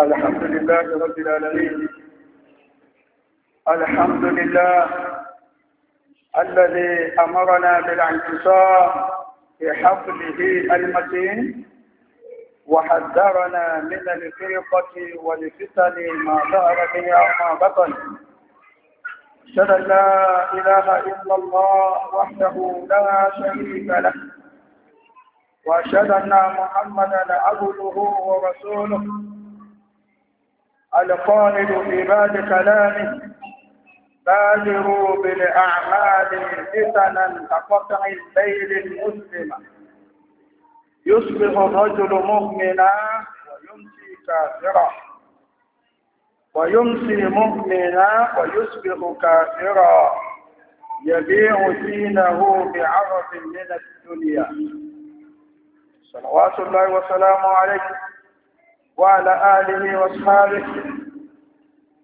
الحمد لله رب العالمين الحمد لله الذي أمرنا بالانتصار في حفله المتين وحذرنا من الفرقة والفتن ما ظهر بها وما بطن أشهد أن لا إله إلا الله وحده لا شريك له وأشهد أن محمدا عبده ورسوله القائل في بعد كلامه بادروا بالأعمال فتنا كقطع الليل المسلمة يصبح الرجل مؤمنا ويمسي كافرا ويمسي مؤمنا ويصبح كافرا يبيع دينه بعرض من الدنيا صلوات الله وسلامه عليكم وعلى آله وأصحابه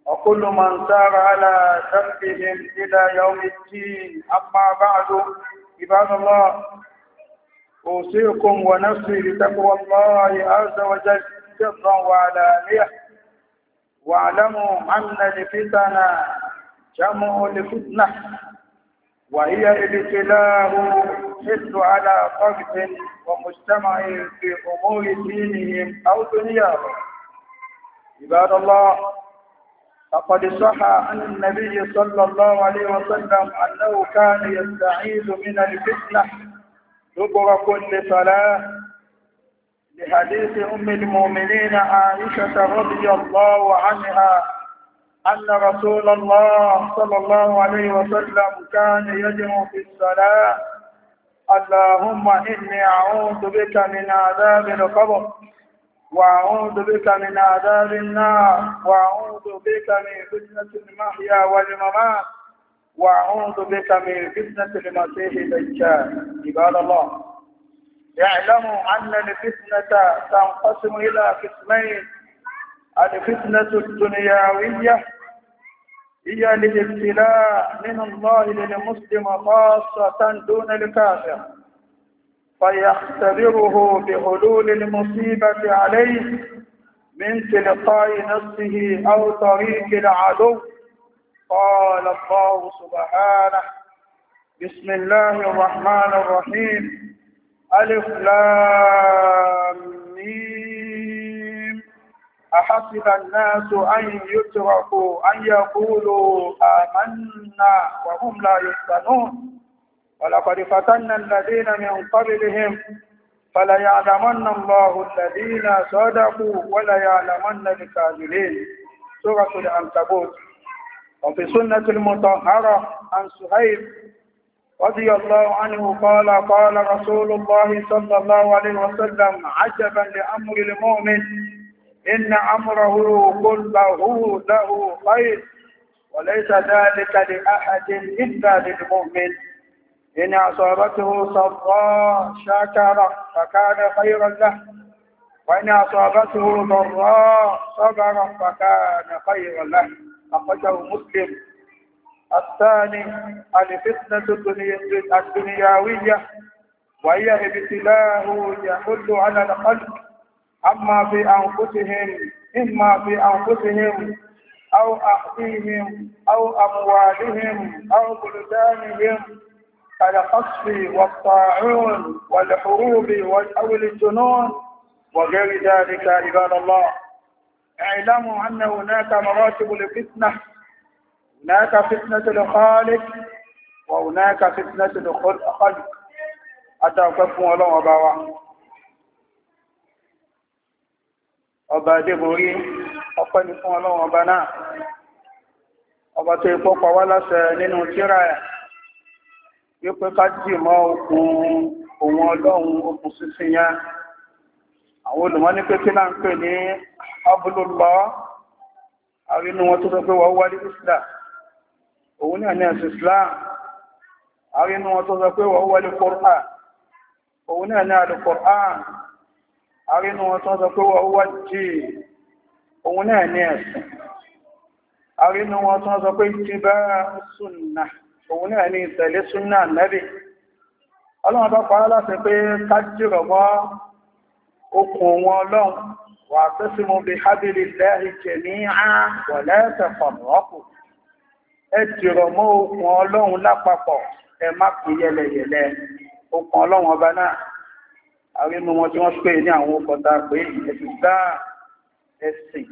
وكل من سار على دربهم إلى يوم الدين أما بعد عباد الله أوصيكم ونفسي بتقوى الله عز وجل سرا وعلانية واعلموا أن الفتن جمع لفتنة وهي ابتلاء تشد على فرد ومجتمع في أمور دينهم أو دنياهم عباد الله فقد صح عن النبي صلى الله عليه وسلم أنه كان يستعيذ من الفتنة دبر كل صلاة لحديث أم المؤمنين عائشة رضي الله عنها أن رسول الله صلى الله عليه وسلم كان يجمع في الصلاة اللهم إني أعوذ بك من عذاب القبر وأعوذ بك من عذاب النار وأعوذ بك من فتنة المحيا والممات وأعوذ بك من فتنة المسيح الدجال عباد الله اعلموا أن الفتنة تنقسم إلى قسمين الفتنة الدنيوية هي الابتلاء من الله للمسلم خاصة دون الكافر فيختبره بحلول المصيبة عليه من تلقاء نفسه أو طريق العدو قال الله سبحانه بسم الله الرحمن الرحيم ألف لام مين أحسب الناس أن يتركوا أن يقولوا آمنا وهم لا يفتنون ولقد فتنا الذين من قبلهم فليعلمن الله الذين صدقوا وليعلمن الكاذبين سورة العنكبوت وفي سنة المطهرة عن سهيل رضي الله عنه قال قال رسول الله صلى الله عليه وسلم عجبا لأمر المؤمن إن أمره كله له خير وليس ذلك لأحد إلا للمؤمن إن أصابته صفاء شكر فكان خيرا له وإن أصابته ضراء صبر فكان خيرا له أخرجه مسلم الثاني الفتنة الدنياوية وهي ابتلاه يحل على الخلق أما في أنفسهم إما في أنفسهم أو أهليهم أو أموالهم أو بلدانهم كالقصف والطاعون والحروب أو الجنون وغير ذلك عباد الله اعلموا أن هناك مراتب لفتنة هناك فتنة الخالق وهناك فتنة الخلق أتوقفوا الله وبركاته ọba adébórí ọpẹ́ ni fún ọlọ́run ọba náà ọba tó ipò pa wá láṣẹ nínú tírà ẹ̀ wípé ká jì mọ́ okùn òun ọlọ́run okùn sísìn yẹn àwọn olùmọ́ ní pé kí náà ń pè ní abúlùlọ́ àrínú wọn tó sọ pé wọ́n wálé islam òun náà ní ẹ̀sìn islam àrínú wọn tó sọ pé wọ́n wálé kọ́rán òun náà ní alùkọ́rán arínú wọn tó sọ pé wọ́n wá jí òun náà ní ẹ̀sìn arínú wọn tó sọ pé jí bá súnà òun náà ní ìtẹ̀lé súnà nẹ́bì ọlọ́run bá pará láti pé kájírọ̀ mọ́ okùn wọn ọlọ́run wà tẹ́sí mú bí hábìlì lẹ́rìí jẹ̀mí ọlọ́run lápapọ̀ ẹ má pín yẹlẹyẹlẹ okùn ọlọ́run ọba náà àrínú wọn tí wọ́n pè ní àwọn ọkọ̀ta pé ẹ̀sìn ẹ̀sìn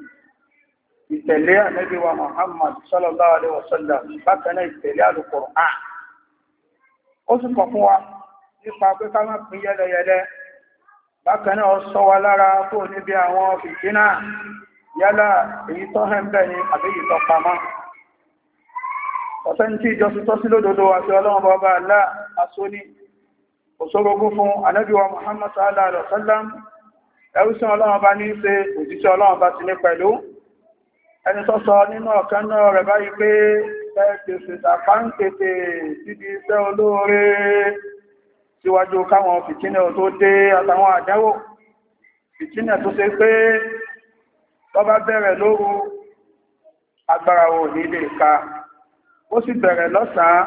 ìtẹ̀lé ànábì wa Muhammad sallallahu alaihi wasallam bákan náà ìtẹ̀lé Al-Qur'an ó sì kọ̀ fún wa nípa pé ká má pín yẹ́lẹyẹ̀lẹ́ bákan náà sọ wa lára kó níbi àwọn fìtínà yálà èyí tó hẹ́ bẹ́ẹ̀ ni àbí èyí tó pamọ́ ọ̀sẹ́ ní tí ìjọsìn lódodo àti ọlọ́run bàbá aláà asóní òṣòrògún fún anábíwa Muhammadu sallallahu Sallam, wasallam ẹrùsìn ọlọ́run bá ní ṣe òjíṣẹ́ ọlọ́run bá ti ní pẹ̀lú ẹni sọ́sọ nínú ọ̀kan náà rẹ̀ báyìí pé ẹgbẹ̀sẹ̀ sàfáǹkètè síbi iṣẹ́ olóore síwájú káwọn fìtínẹ̀ tó dé àtàwọn àdánwò fìtínẹ̀ tó ṣe pé tó bá bẹ̀rẹ̀ lóru agbára ò ní lè ka ó sì bẹ̀rẹ̀ lọ́sàn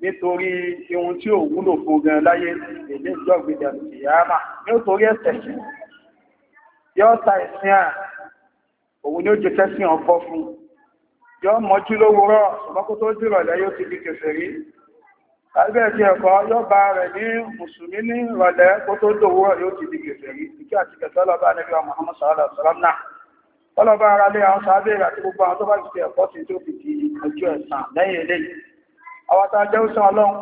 nítorí ohun tí ò wúlò fún gan láyé èdè ìjọgbìdà ìyáàmà nítorí ẹ̀sẹ̀ sí yóò ta ìsìn à òun ni ó jẹ kẹ́sìn ọ̀pọ̀ fún yóò mọ́jú lówùúrọ̀ ṣùgbọ́n kó tó dìrọ̀lẹ́ yóò ti di kèfèrí lábẹ́ ti ẹ̀kọ́ yóò bá rẹ̀ ní mùsùlùmí ní ìrọ̀lẹ́ kó tó dòwúrọ̀ yóò ti di kèfèrí ìkí àti kẹta ọlọ́ba níbi wa Muhammad sallallahu alaihi wasallam náà ọlọ́ba ara lé àwọn sábẹ́ àti gbogbo àwọn tó bá ti ẹ̀kọ́ sí tó fi di ọjọ́ ẹ̀san lẹ́yìn eléyìí àwátá jẹ́ òṣàn ọlọ́run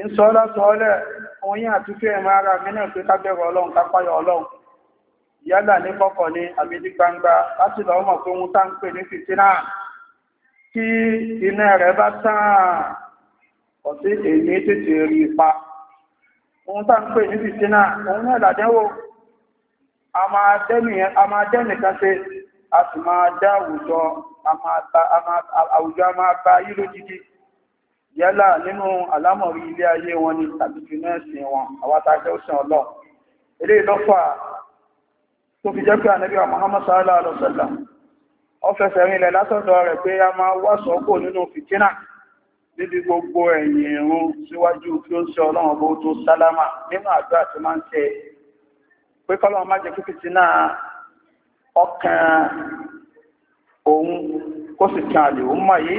In sọ lọ́sọ̀ọ́lẹ̀ oyin àti fẹ́ ẹ̀mọ́ ara mínà pé kábẹ̀rọ ọlọ́run kápáyọ ọlọ́run yálà ní kọ́kọ̀ ní àmìdí gbangba láti lọ mọ̀ pé wọ́n tá ń pè ní fìtínà kí iná rẹ̀ bá tán kọ̀ sí èyí tètè rí ipa òun tá ń pè ní fìtínà òun náà làdẹ́wò a máa dẹ́nìkan àwùjọ a máa bá yí lójijì yálà nínú àlámọ̀rí ilé ayé wọn ni tàbí jù náà sí wọn àwátájẹ́ òsìn ọlọ́ ilé ìlọ́fà tó fi jẹ́ pé ànábì Muhammad sallallahu alaihi wasallam ó fẹsẹ̀ rinlẹ̀ látọ̀dọ̀ rẹ̀ pé a máa wá sọ́kò nínú fìtínà níbi gbogbo ẹ̀yìn ìrun síwájú kí má jẹ́ kí fìtínà ọkàn òun kó sì kan àlè òun mọ̀ yìí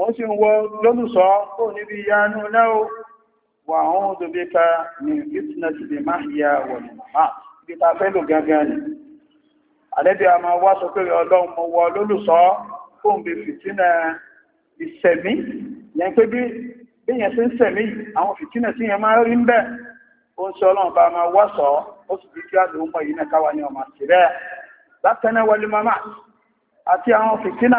wọ́n sì ń wọ lọ́lùsọ́ kó níbi ìyanu lẹ́wọ́ wà àwọn òdòbíkà ní ìtìnàtì lè máa yà wọ̀lẹ̀ máa bí ta fẹ́ lò gangan ni àlẹ́bí a máa wá sọ pé ọlọ́run mo wọ lọ́lùsọ́ kó ń bí fìtínà ìsẹ̀mí yẹn pé bí yẹn sí ń sẹ̀mí àwọn fìtínà tí yẹn máa rí ń bẹ̀ ó ń sọ ọlọ́run bá sì fi kí á lòún mọ̀ yìí náà káwa ni ọmọ àti bẹ́ẹ̀ látẹ́nẹ́wọlé mamá àti àwọn fìtínà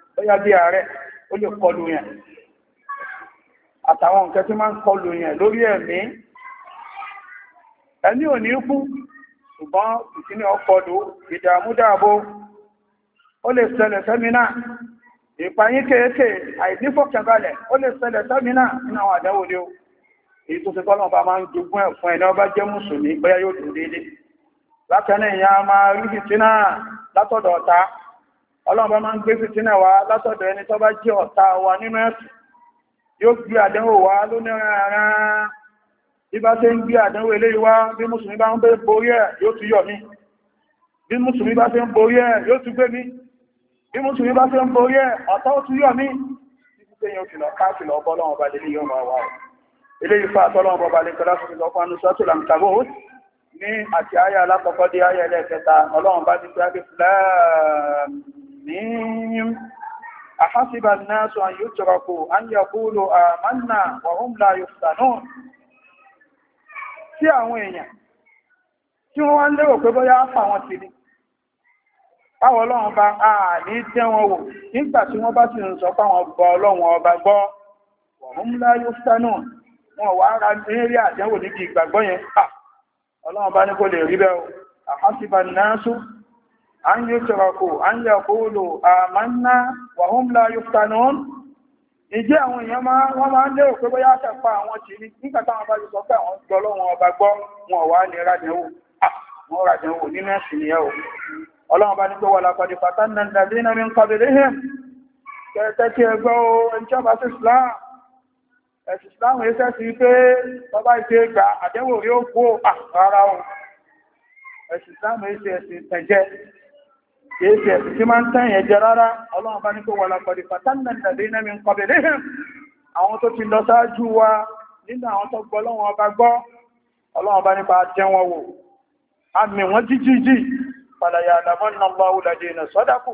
bóyá bí ààrẹ ó lè kọlu yẹn àtàwọn nǹkan tí máa ń yẹn lórí ẹ̀mí ẹni ò ní kú ṣùgbọ́n ìkíní ọkọlù ìdààmúdààbò ó lè ṣẹlẹ̀ sẹ́mínà ìpayín kéèké àìdífọ̀kẹ̀balẹ̀ ó lè nínú àwọn èyí tó ti bá máa ń jogún ẹ̀ ọba jẹ́ yóò dùn déédéé ìyá máa rí fìtínà ọlọ́run máa ń gbé fìtínà wá látọ̀dọ̀ ẹni tó bá jẹ́ wa nínú ẹ̀sùn yóò gbé àdánwò wá lónìí ara ibá tẹ́ ń gbé àdánwò eléyìí bí mùsùlùmí bá ń bẹ́ borí ẹ̀ yóò tún yọ̀ mí bí mùsùlùmí bá tẹ́ ń borí ẹ̀ yóò tún gbé mí bí mùsùlùmí bá tẹ́ ń borí ẹ̀ ọ̀tá ó tún mí ní àti ayé alákọ̀ọ́kọ́ dé ayé ẹlẹ́ẹ̀kẹta ọlọ́run bá ti pẹ́ ميم أحسب الناس أن يتركوا أن يقولوا آمنا وهم لا يفتنون tí àwọn èèyàn tí wọ́n wá ń lérò pé bóyá fàwọn ti ní báwọn ọlọ́run bá ààní tẹ́ wọn wò nígbà tí wọ́n bá sì ń sọ fáwọn ọba ọlọ́run ọba gbọ́ wọ̀n mú láyé wọn wà ara lérí àdánwò níbi ìgbàgbọ́ yẹn ọlọ́run bá ní kò lè rí bẹ́ẹ̀ àhásíbà náà an yutraku an yaqulu amanna wa hum la yuftanun ìjẹ́ àwọn èèyàn máa wọ́n máa ń lérò pé bóyá àtẹ̀pá àwọn tì ní nígbà táwọn bá ti sọ pé àwọn gbọ́ lọ́wọ́n ọba gbọ́ wọn wà ní rádìnwó wọn rádìnwó nínú ẹ̀sìn ni ẹ̀ o ọlọ́run bá ní pé wọ́n lápàdé fatanna alladhina min qablihim kẹtẹ́ tí ẹ gbọ́ o ìjọba sí Islam ẹ̀sìn Islam ẹ̀sẹ̀ sí pé bàbá ìṣe gbà àdẹ́wò rí ó kú rárá o ẹ̀sìn Islam ẹ̀sẹ̀ ẹ̀sìn tẹ̀jẹ́ kéèkè tí máa ń tán ẹ̀jẹ̀ rárá ọlọ́run bá ní kó wọ́la pọ̀dì pàtàkì nàbí iná mi ń kọ̀bẹ̀ léhìn àwọn tó ti lọ sáájú wa nínú àwọn tó gbọ́ ọlọ́run ọba gbọ́ ọlọ́run bá nípa jẹ́ wọn wò àmì wọn jíjíjì padàyà àdàmọ́ nọmba olàjẹ́ ìnà sọ́dákù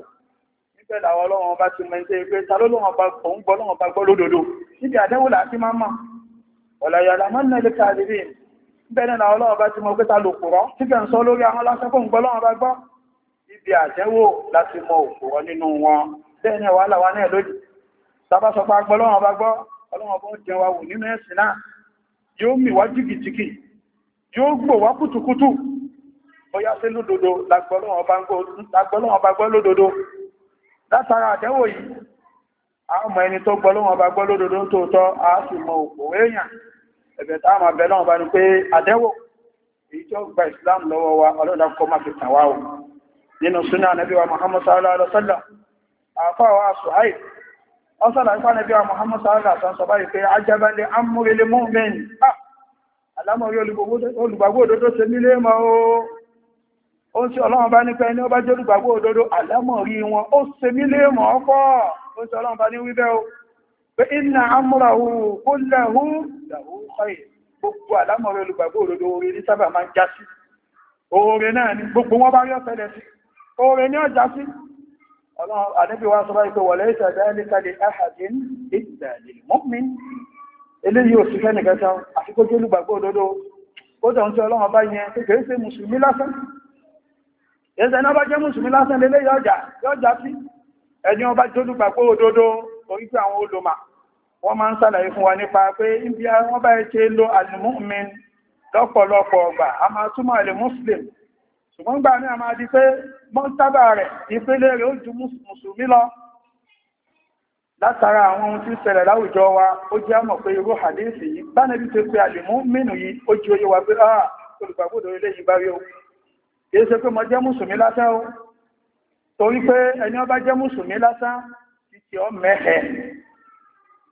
níbẹ̀ làwọn ọlọ́run ọba ti mẹ́ńtẹ́ pé ta ló lọ́wọ́n ọba gbọ́ ń gbọ́ ọlọ́run ọba ibi àtẹ́wò láti mọ òkúrọ nínú wọn bẹ́ẹ̀ ni wàhálà wa náà lódì sábà sọpá gbọ́ lọ́wọ́n bá gbọ́ ọlọ́wọ́n bọ́ jẹ wa wò nínú ẹ̀sìn náà yóò mì wá jìkìjìkì yóò gbò wá kùtùkùtù bóyá sí lódodo lágbọ́lọ́wọ́n bá gbọ́ lódodo látara àtẹ́wò yìí a mọ ẹni tó gbọ́ lọ́wọ́n bá gbọ́ lódodo tóòtọ́ a sì mọ òkúrọ èèyàn ẹ̀bẹ̀ táwọn àbẹ̀ lọ́wọ́n bá ní pé àtẹ́wò èyí tó gba ìsìlámù lọ́wọ́ wa ọlọ́dà kọ́ máa fi tàn wá nínú súnà nàbí wa Muhammad sallallahu alaihi wasallam àfáwà Suhaib wọ́n sọ́lá ipá nàbí wa Muhammad sallallahu alaihi wasallam sọ báyìí pé ajaban li amri lil mu'min alámọ̀rí ah! olùgbàgbọ́ òdodo ṣe nílé mọ́ o ó ń sí ọlọ́run bá nípa ẹni ó bá jẹ́ olùgbàgbọ́ òdodo alámọ̀rí wọn ó ṣe nílé mọ́ ọkọ́ ó sí ọlọ́run bá ní wíbẹ́ o pé inna amrahu kullahu lahu khair gbogbo alámọ̀rí olùgbàgbọ́ òdodo oore ní sábà máa ń já oore náà ni gbogbo wọn bá rí ọ̀fẹ́ lẹ́sìn oore ní ọjà sí ànábì wa sọ báyìí pé wọ̀lẹ́ ìṣẹ̀dá ẹnìkalẹ̀ ahàdín ìtàlẹ̀ mọ́mí eléyìí ò sí fẹ́nì kẹta àfikójú olùgbàgbọ́ òdodo ó dọ̀ ń tí ọlọ́run bá yẹn kékeré sí mùsùlùmí lásán ẹ̀sẹ̀ náà bá jẹ́ mùsùlùmí lásán lélé yọjà yọjà sí ẹni ọba tí olùgbàgbọ́ òdodo orí pé ṣùgbọ́n gbà ní àmà di pé mọ́ntábà rẹ̀ ìpele rẹ̀ ó ju mùsùlùmí lọ látara àwọn ohun tí ṣẹlẹ̀ láwùjọ wa ó jẹ́ mọ̀ pé irú hadisi yìí bánẹ́bí ti pe àlìmú mínú yìí ó ju oyé wa pé ah olùgbàgbọ́dọ̀ ilé yìí bá rí o kìí ṣe pé mo jẹ́ mùsùlùmí lásán o torí pé ẹni ọba jẹ́ mùsùlùmí lásán ti ti ọ mẹ́hẹ̀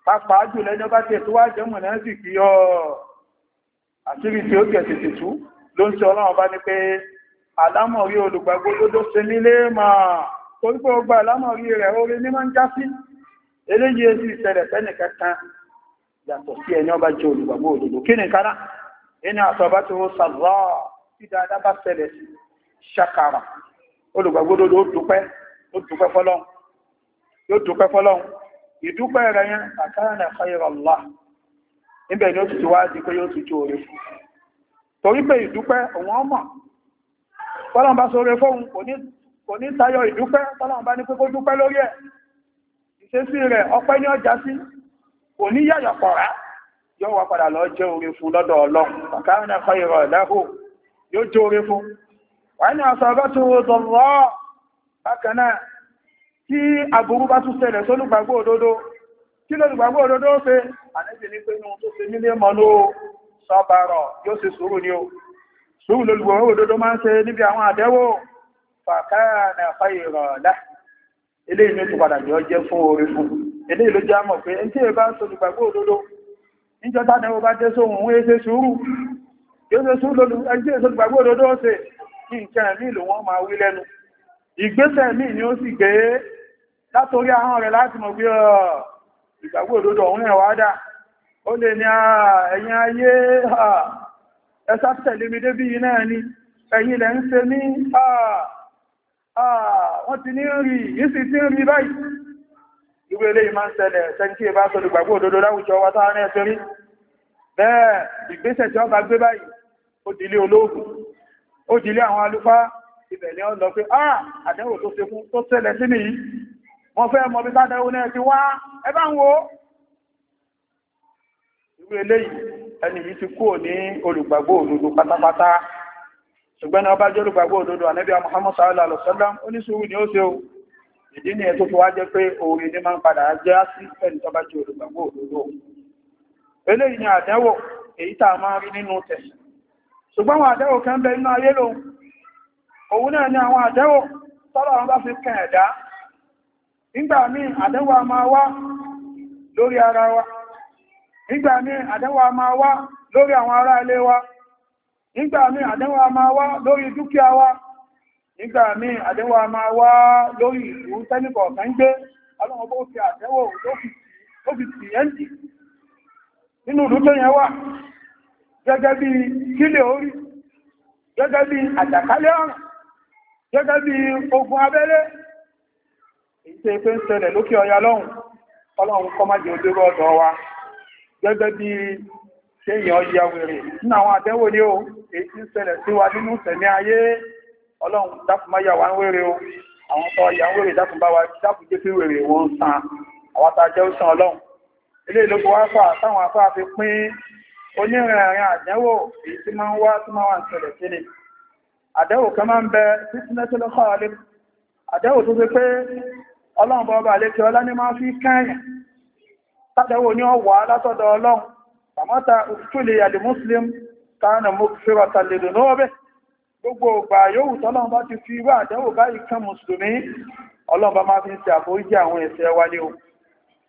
pàápàá jùlọ ẹni ọba tẹ̀ tó wá jẹ́ mọ̀ náà sì kí àlámọ̀rí olùgbàgbọ́ lódó se nílé máa torí pé ọgbà àlámọ̀rí rẹ̀ orí ní máa ń já sí eléyìí èsì ìṣẹ̀lẹ̀ fẹ́nì kankan yàtọ̀ sí ẹni ọba jẹ́ olùgbàgbọ́ olódó kí ni kánà ẹni àtọ̀bá tí ó sàrọ̀ tí dáadáa bá ṣẹlẹ̀ sí ṣàkàrà olùgbàgbọ́ lódó dúpẹ́ ó dúpẹ́ fọ́lọ́run yóò dúpẹ́ fọ́lọ́run ìdúpẹ́ rẹ̀ yẹn àkàrà khairallah níbẹ̀ ni ó ti wá di pé yóò ti jó orí torí pé ìdúpẹ́ òun ọmọ tọ́lọ̀n bá sóre fóun kò ní tayọ ìdúpẹ́ tọ́lọ̀n bá ní pé kó dúpẹ́ lórí ẹ̀ ìṣesí rẹ̀ ọpẹ́ ní ọjà sí kò ní yàyà pọ̀rá yóò wá padà lọ jẹ́ oore fún lọ́dọ̀ ọlọ́run bàkárìn ẹ̀kọ́ ìrọ̀ ẹ̀lẹ́hù yóò jẹ́ oore fún wà ní àṣà ọgọ́ tó ro dọ̀rọ̀ bákan náà tí aburú bá tún ṣẹlẹ̀ sólùgbàgbọ́ òdodo kí lólùgbàgbọ́ òdodo ṣe àníbi ní pé inú tó ṣe nílé mọ́ ló sọ́bàrọ̀ yóò ṣe sùúrù ni o sóhùn lólùgbọ̀wọ́ òdodo máa ń ṣe níbi àwọn àdẹ́wò fàkàrà fàyèrọ̀ ọ̀lá eléyìí ni ó ti padà jọ jẹ́ fún orí fún ilé-ìlú já mọ̀ pé ẹni tí èbá sọlùgbàgbọ́ òdodo níjọta ni ó bá jẹ́ sóhùn ó ṣe sùúrù yóò ṣe sùúrù òdodo kí nǹkan ẹ̀mí máa wí lẹ́nu ìgbésẹ̀ míì ni ó sì gbé e látorí láti mọ̀ òdodo ọ̀hún ẹsá tẹ̀lé mi débí iná ẹni ẹ̀yìn lẹ́ ń ṣe ní ah, ah, wọ́n ti ní rí ìsì tí ń rí báyìí ìwé ilé ìmá ń ṣẹlẹ̀ ṣẹ́ntí ẹbá sọ́lù gbàgbọ́ òdodo láwùjọ wa táwọn náà ṣe rí bẹ́ẹ̀ ìgbésẹ̀ tí wọ́n bá ah àdẹ́wò tó ṣe fún tó ṣẹlẹ̀ sí nìyí wọ́n fẹ́ mọ bí sádẹ́wò wo irú eléyìí ẹni yìí ti kúrò ní olùgbàgbọ́ òdodo pátápátá ṣùgbọ́n ní ọba olùgbàgbọ́ Muhammad sallallahu alaihi wasallam oníṣòwò ni ó ṣe o ìdí ni ẹ̀tọ́ fi wá jẹ́ pé ní máa ń padà jẹ́ sí ẹni a máa rí nínú ṣùgbọ́n àwọn àdẹ́wò kan bẹ inú ni àwọn àdẹ́wò tọ́lọ̀ àwọn bá fi kàn nígbà míì àdẹ́wò a máa wá lórí ara nígbà mí àdánwò máa wá lórí àwọn ará ilé wa nígbà mí àdánwò máa wá lórí dúkìá wa nígbà mí àdánwò máa wá lórí ìlú tẹ́nìkọ̀ kan gbé bó fi nínú ìlú tó yẹn wà gẹ́gẹ́ bí kílẹ̀ orí gẹ́gẹ́ bí ogun ń ṣẹlẹ̀ lókè ọya lọ́hùn ọlọ́run kọ́ má jẹ́ gẹ́gẹ́ bí ṣéyàn ya wèrè nínú àwọn àdẹ́wò ní o èyí tí ń ṣẹlẹ̀ sí wa nínú tẹ̀mí ayé ọlọ́run dákùnmáyà wá ń wèrè o àwọn tó ya wèrè dákùnbá wa dákùnjẹ́ sí wèrè wọn san àwọn tàjẹ́ ó san ọlọ́run ilé ìlógún wá fà táwọn afá fi pín onírin àrin àdẹ́wò èyí tí máa ń wá tí máa wà ń ṣẹlẹ̀ sí ni àdẹ́wò kan máa ń bẹ títí àdẹ́wò tó fi pé ọlọ́run bọ́ ọba àlékẹ́ ọlá ní máa fi kẹ́yìn tádẹ̀wò ní ọwà látọ́dọ̀ ọlọ́run tàmọ́ta àdì muslim tánà fíra gbogbo ọgbà yóò tọ́lọ́run bá ti fi àdẹ́wò báyìí kan ọlọ́run bá fi ń ṣe àforíjì àwọn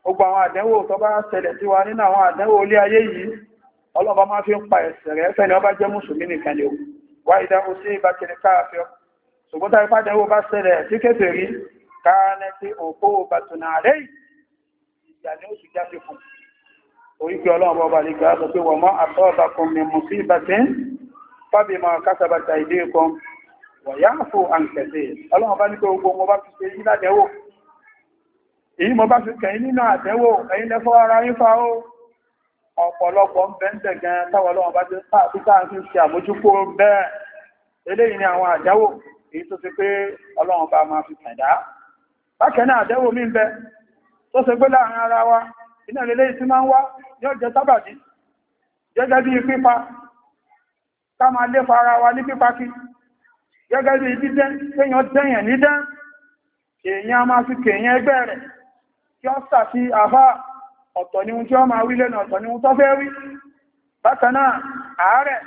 o gbogbo àwọn àdẹ́wò tó bá ṣẹlẹ̀ sí wa nínú àwọn àdẹ́wò ayé yìí fi ń pa rẹ̀ fẹ́ni ọba jẹ́ nìkan o wá sí káàfẹ́ ṣùgbọ́n tá ipá àdẹ́wò bá ìjà ni ó sì jáde fún orí pé ọlọ́run bọ́ba lè gbà sọ pé wọ́n mọ́ àtọ́ọ̀bàkùn ní mùsíbàtín fábí ma kásábàtà ìdí kan wọ̀yá fún àǹkẹ̀lẹ̀ ọlọ́run bá ní pé ogun mo bá fi ṣe yí ládẹ́wò èyí mo bá fi kẹ̀yìn nínú àtẹ́wò ẹ̀yìn lẹ́fọ́ ara yín fa ó ọ̀pọ̀lọpọ̀ ń bẹ́ ń tẹ̀ gan táwọn ọlọ́run bá ti sáàtú sáàtú ṣe àmójúkó bẹ́ẹ̀ eléyìí ni àwọn àdáwò èyí tó ti pé ọlọ́run bá máa fi kẹ̀dá bákẹ́ náà àdẹ́wò mí ń bẹ tó ṣe pé láàrin ara wa iná lè léyìí tí máa ń wá yóò jẹ sábàdí gẹ́gẹ́ bí pípa ká máa lépa ara wa ní pípa kí gẹ́gẹ́ bí dídẹ́ kéèyàn dẹ́yàn ní dẹ́ èèyàn máa fi kèèyàn ẹgbẹ́ rẹ̀ kí ó sàfi àfá ọ̀tọ̀ ni tí ó máa wí lẹ́nu ọ̀tọ̀ ni tó fẹ́ wí bákan náà àárẹ̀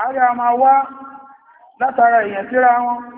àárẹ̀ a máa wá látara èèyàn síra wọn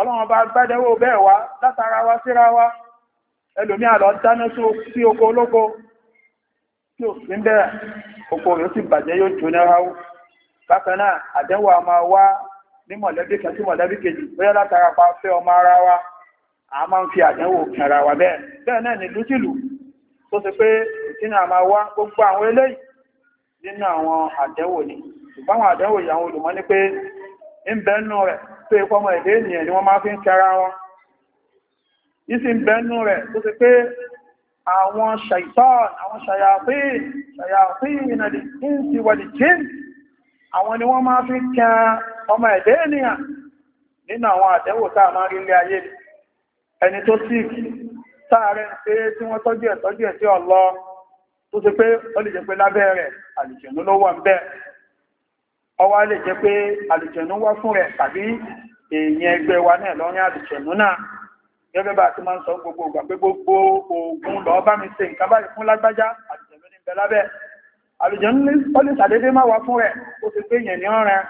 ọlọ́run bá gbádẹ́wò bẹ́ẹ̀ wá látara wa síra wa ẹlòmí àlọ́ dáná sí oko olóko tí ò sí bẹ́ẹ̀ oko yóò sì bàjẹ́ yóò jóná ráwó bákan náà àdẹ́wò a wá ní mọ̀lẹ́bí sí mọ̀lẹ́bí kejì bóyá látara pa fẹ́ ọmọ ara a máa ń fi wa gbogbo àwọn eléyìí nínú àwọn àdẹ́wò ni ṣùgbọ́n àwọn àdẹ́wò olùmọ́ pé ń tó ikọ́ ọmọ èdè ènìyàn ni wọ́n máa fi ń kẹra wọn ìsìn bẹnu rẹ̀ tó ti pé àwọn ṣàìtàn àwọn ṣàyàfíìn ṣàyàfíìn àdì ìsì wàdì jín àwọn ni wọ́n máa fi kẹra ọmọ èdè ènìyàn nínú àwọn àdẹ́wò táà máa rí ilé ẹni tó sì táàrẹ ń ti pé ọwá lè jẹ́ pé àlùjẹ̀nú wá fún rẹ̀ tàbí èèyàn ẹgbẹ́ wa náà lọ́rin àlùjẹ̀nú náà gẹ́gẹ́ bá ti máa ń sọ gbogbo ìgbà pé gbogbo oògùn lọ bá mi ṣe nǹkan báyìí fún lágbájá àlùjẹ̀nú ní bẹ lábẹ́ àlùjẹ̀nú ní ó lè ṣàdédé má wá fún rẹ̀ ó ti pé èèyàn ní ọ̀rẹ́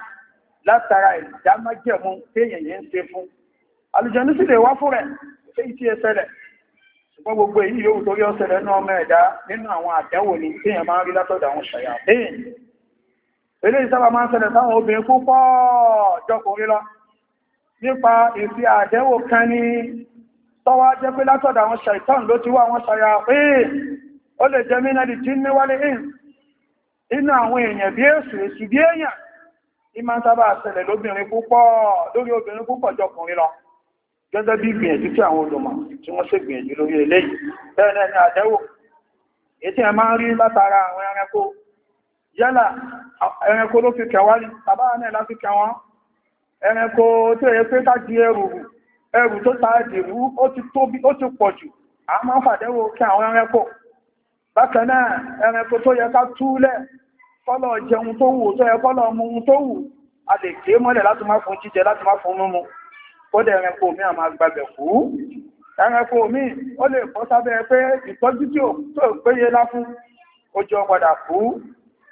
látara ìdámájẹ̀mú pé èèyàn yẹn ń ṣe fún àlùjẹ̀nú sì lè wá fún rẹ̀ pé ìtí ẹsẹ̀ rẹ̀ ṣùgbọ́n gbogbo èyí yóò torí ọ̀sẹ̀ rẹ̀ nú ọmọ ẹ̀dá nínú àwọn àdẹ́wò ni téèyàn máa ń rí látọ̀dọ̀ àwọn ṣàyà bẹ́ẹ̀ eléyìí sábà máa ń ṣẹlẹ̀ sáwọn obìnrin púpọ̀ jọkùnrin lọ nípa ìfi àdẹ́wò kan ní tọ́wá jẹ́ pé látọ̀dọ̀ àwọn ṣàìtàn ló ti wá àwọn ṣàyà pé ó lè jẹ́ mínàlì jí ní wálé inú àwọn èèyàn bí èsù èsù bí èèyàn ní máa ń sábà ṣẹlẹ̀ lóbìnrin púpọ̀ lórí obìnrin púpọ̀ jọkùnrin lọ gẹ́gẹ́ bí gbìyànjú tí àwọn olùmọ̀ tí wọ́n ṣe gbìyànjú lórí eléyìí bẹ́ẹ̀ náà ni àdẹ́wò èyí tí ẹ máa ń rí látara àwọn ẹranko yálà ẹranko ló fi kẹwàá ní bàbá náà láti kẹwàá ẹranko tó yẹ pé ká di ẹrù ẹrù tó ta dìrú ó ti tóbi ó ti pọ̀ jù a máa ń fàdẹ́wò kí àwọn ẹranko bákan ẹranko tó yẹ ká túlẹ̀ kọ́lọ̀ jẹun tó wù tó yẹ kọ́lọ̀ mu tó wù a lè gbé mọ́lẹ̀ láti má fún jíjẹ láti má fún mímu kódẹ̀ ẹranko mi àmà gbàgbẹ̀ kú ẹranko mi ó lè bọ́ sábẹ́ pé ìtọ́jú tí ò péye lá fún ojú ọpadà kú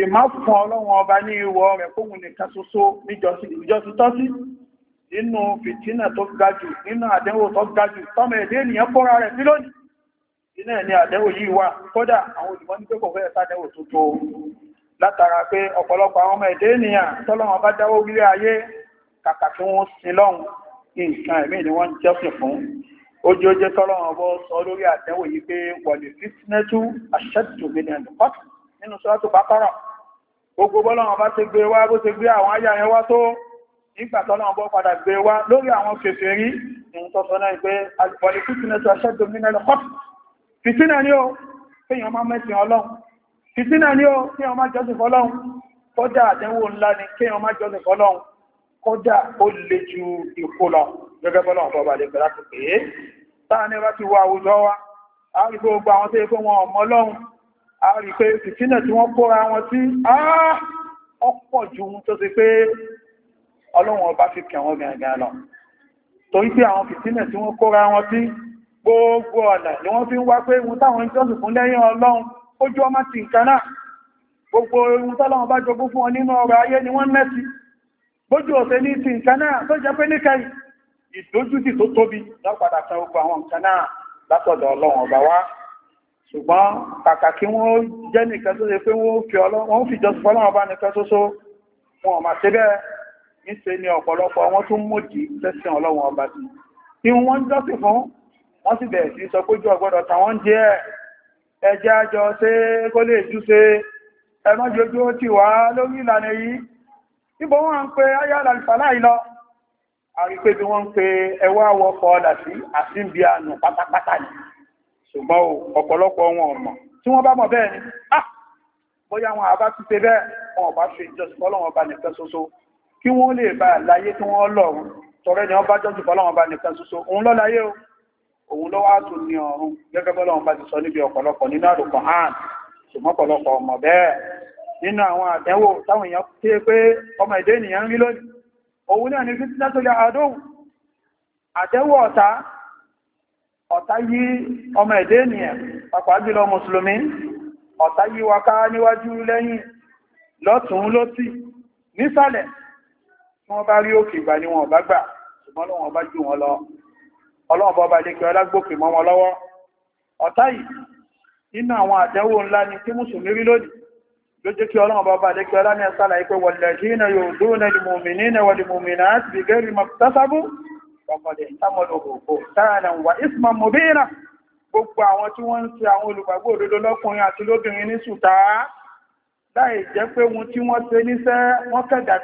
ìmá fún ọlọ́run ọba ní ìwọ̀ rẹ̀ fóhun nìkan ṣoṣo níjọsí tọ́sí nínú fìtínà tó gajù nínú àdẹ́wò tó gajù tọ́mọ èdè ènìyàn kóra rẹ̀ sí lónìí iná ní àdẹ́wò yìí wà kódà àwọn olùmọ́ ní pé kò fẹ́ sádẹ́wò tó tó látara pé ọ̀pọ̀lọpọ̀ àwọn ọmọ èdè ènìyàn tọ́lọ́run bá dáwó wílé ayé kàkà kí wọ́n sin lọ́hun nǹkan ẹ̀mí ni wọ́n jẹ́sìn fún ojú ó jẹ́ tọ́lọ́run ọbọ̀ sọ lórí àdẹ́wò yìí pé wọ̀lẹ̀ fitness ashaddu min al-qatl nínú sọ́tù pápára gbogbo bọ́lọ́wọ́n bá ti gbé wá bó ti gbé àwọn ayá yẹn wá tó nígbà tọ́lọ́wọ́n bọ́ padà gbé wá lórí àwọn kèfèrí ìhun tó sọ náà pé alìbọ̀lì fìtínà tó aṣẹ́ dominant hot fìtínà ni ó fi yàn máa mẹ́sìn ọlọ́run fìtínà ni ó fi yàn máa jọ́sìn fọlọ́run kódà àdẹ́wò ńlá ni kí yàn máa jọ́sìn fọlọ́run kódà ó le ju ìkó lọ gẹ́gẹ́ bọ́lọ́wọ́n bọ́ balẹ̀ pẹ̀lá pé táà ní bá ti wọ àwùjọ wa a rí gbogbo àwọn tó yẹ fún wọn ọmọ a rí pé fìtínà tí wọ́n kóra wọn tí ọ̀pọ̀ ju ohun tó ti pé ọlọ́run ọba fi kẹ̀ wọ́n gangan lọ torí pé àwọn fìtínà tí wọ́n kóra wọn tí gbogbo ọ̀nà ni wọ́n fi ń wá pé ohun táwọn ìjọsìn fún lẹ́yìn ọlọ́run ó jọ má ti nǹkan náà gbogbo ohun tọ́lọ́run bá jogún fún ọ nínú ọrọ̀ ayé ni wọ́n mẹ́sì bójú ọ̀sẹ̀ ní ti nǹkan náà tó jẹ́ pé níkẹyìn ìdójútì tó tóbi lọ́padà kan gbogbo àwọn nǹkan náà látọ̀dọ̀ ọlọ́run ọba wá ṣùgbọ́n kàkà kí wọ́n jẹ́ nìkan tó ṣe pé wọ́n fi jọsùn fọ́lọ́wọ́ bá nìkan ṣoṣo wọn ọ̀mà síbẹ̀ níṣe ni ọ̀pọ̀lọpọ̀ wọn tún mòdì lẹ́sìn ọlọ́wọ́n ọba sí tí wọ́n ń jọ́sìn fún wọ́n sì bẹ̀rẹ̀ sí sọ pé jù ọgbọ́dọ̀ tàwọn jẹ́ ẹjẹ́ àjọ ṣe kó lè jú ṣe ẹmọ́ jojú ó ti wá lórí ìlànà yìí níbo wọ́n ń pe ayá ṣùgbọ́n ọ̀pọ̀lọpọ̀ wọn ọ̀mọ̀ tí wọ́n bá mọ̀ bẹ́ẹ̀ ni ah bóyá wọn àbá ti ṣe bẹ́ẹ̀ wọn ọ̀bá ṣe ìjọsìn fọ́lọ́wọn ọba nìkan ṣoṣo kí wọ́n lè bá láyé tí wọ́n lọ́run tọrẹ ni wọ́n bá jọ́sìn fọ́lọ́wọn ọba nìkan ṣoṣo òun lọ láyé o òun lọ wá tún ní ọ̀run gẹ́gẹ́ bọ́lọ́wọn bá ti sọ níbi ọ̀pọ̀lọpọ̀ nínú àrùkọ̀ hàn ṣùgbọ́n ọ̀pọ̀lọpọ̀ ọmọ bẹ́ẹ̀ nínú àwọn àdánwò táwọn èèyàn tí é pé ọmọ èdè ènìyàn ń rí lónìí òun náà ni fítínà tó lè àdóhùn ọ̀tá yí ọmọ ẹ̀dẹ́ ènìyàn pàpàá jùlọ mùsùlùmí ọ̀tá yí wa ká níwájú lẹ́yìn lọ́tún lósì nísàlẹ̀ tí wọ́n bá rí òkè ìgbà ni wọn bá gbà ṣùgbọ́n lọ́wọ́n bá jù wọn lọ ọlọ́wọ́n bá bá lè kí ọlágbòkè mọ́ wọn lọ́wọ́ ọ̀tá yìí nínú àwọn àdánwò ńlá ni tí mùsùlùmí فقد احتمله بهتانا وإثما مبينا gbogbo àwọn tí wọ́n ń ṣe àwọn olùgbàgbọ́ òdodo lọ́kùnrin àti lóbìnrin ní ṣùtá láì jẹ́ pé ohun tí wọ́n ṣe níṣẹ́ wọ́n kẹ̀gà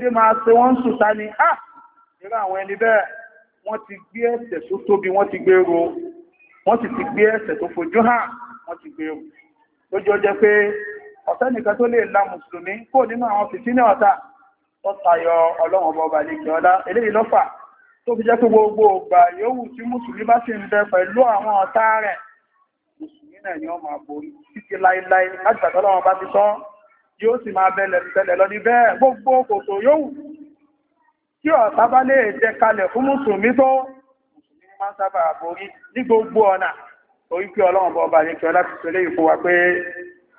ti máa ṣe wọ́n ń ni á nínú àwọn ẹni bẹ́ẹ̀ wọ́n ti gbé ẹ̀ṣẹ̀ tó tóbi wọ́n ti gbé wọ́n sì ti gbé ẹ̀ṣẹ̀ tó fojú hàn wọ́n ti gbé ro lójú pé ọ̀sẹ́ nìkan tó lè la mùsùlùmí kó nínú àwọn fìtínà ọ̀tá tó ọlọ́run ọba ọba àlejò ọlá eléyìí lọ́fà tó fi jẹ́ pé gbogbo ògbà yòówù tí mùsùlùmí bá sì ń bẹ pẹ̀lú àwọn ọ̀tá rẹ̀ mùsùlùmí náà ni wọ́n máa borí títí láíláí látìgbàtọ́ lọ́wọ́ bá ti tán yóò sì máa bẹ̀lẹ̀ bẹ̀lẹ̀ lọ ní bẹ́ẹ̀ gbogbo kòtò yòówù tí ọ̀tá bá lè jẹ kalẹ̀ fún mùsùlùmí tó mùsùlùmí máa ń sábà borí ní gbogbo ọ̀nà orí pé ọlọ́run bọ́ ọba ní kí ọlá ti sọ léyìn fún wa pé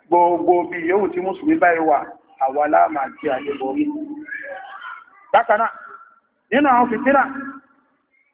gbogbo bí yòówù tí mùsùlùmí báyìí wà àwa láàmà àti àyè borí bákan náà nínú àwọn fìtínà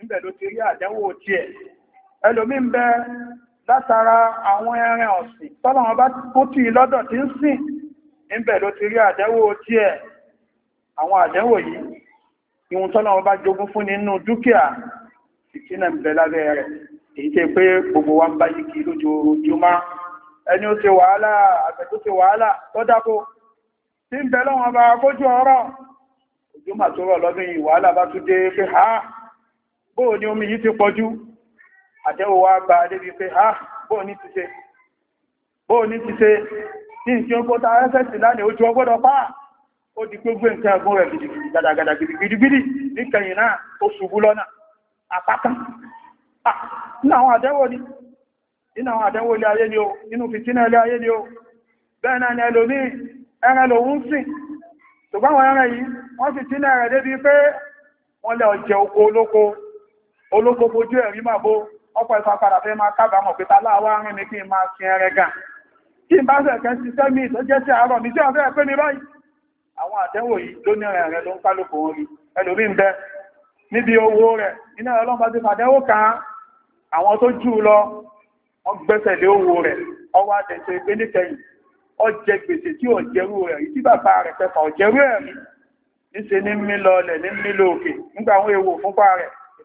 níbẹ̀ ló ti rí àdánwò tiẹ̀ ẹlòmí ń bẹ látara àwọn ẹran ọ̀sìn tọ́lọ́wọ́n bá kó tì í lọ́dọ̀ tí ń sìn níbẹ̀ ló ti rí àdánwò tiẹ̀ àwọn àdánwò yìí ìhun tọ́lọ́wọ́n bá jogún fún nínú dúkìá ìtínà ń bẹ lábẹ́ rẹ̀ èyí tẹ́ pé gbogbo wa ń bá yí kí tó rọ̀ lọ́dún yìí bá tún dé pé ha bóò ni omi yìí ti pọ̀jú àtẹ́wò wá bá débi pé ha ah, bóò ní ti ṣe bóò ní ti ṣe ní n tí ó ẹ́sẹ̀sì lánàá ojú ọgbọ́dọ̀ pa ó di gbogbo nǹkan ẹ̀gbọ́n rẹ̀ gidigidi gàdàgàdà gidigidi níkẹyìn náà ó ṣubú lọ́nà àpákan ah, olóko fojú ẹ̀rí máa bó ọ̀pọ̀ ìfà padà fẹ́ máa kábàámọ̀ pé taláwá rìn ní kí n máa fi ẹrẹ gàn kí n bá sẹ̀kẹ́ ṣiṣẹ́ mi tó jẹ́ sí àárọ̀ mi tí wọ́n fẹ́ pé ní báyìí àwọn àdẹ́wò yìí ló ní ẹ̀rẹ̀ rẹ̀ ló ń kálòkò wọn rí ẹlòmí ń bẹ níbi owó rẹ̀ iná ọlọ́mọ ti fàdẹ́wò kan àwọn tó jù lọ wọ́n gbẹ́sẹ̀ lé owó rẹ̀ ọwọ́ àtẹ̀sẹ̀ pé níkẹyìn ó jẹ gbèsè tí ò jẹrú rẹ̀ yìí tí bàbá rẹ̀ fẹ́fà ò jẹrú ẹ̀rí níṣe ní mílọ ọlẹ̀ ní mílò òkè nígbà àwọn èèwò fúnpá rẹ̀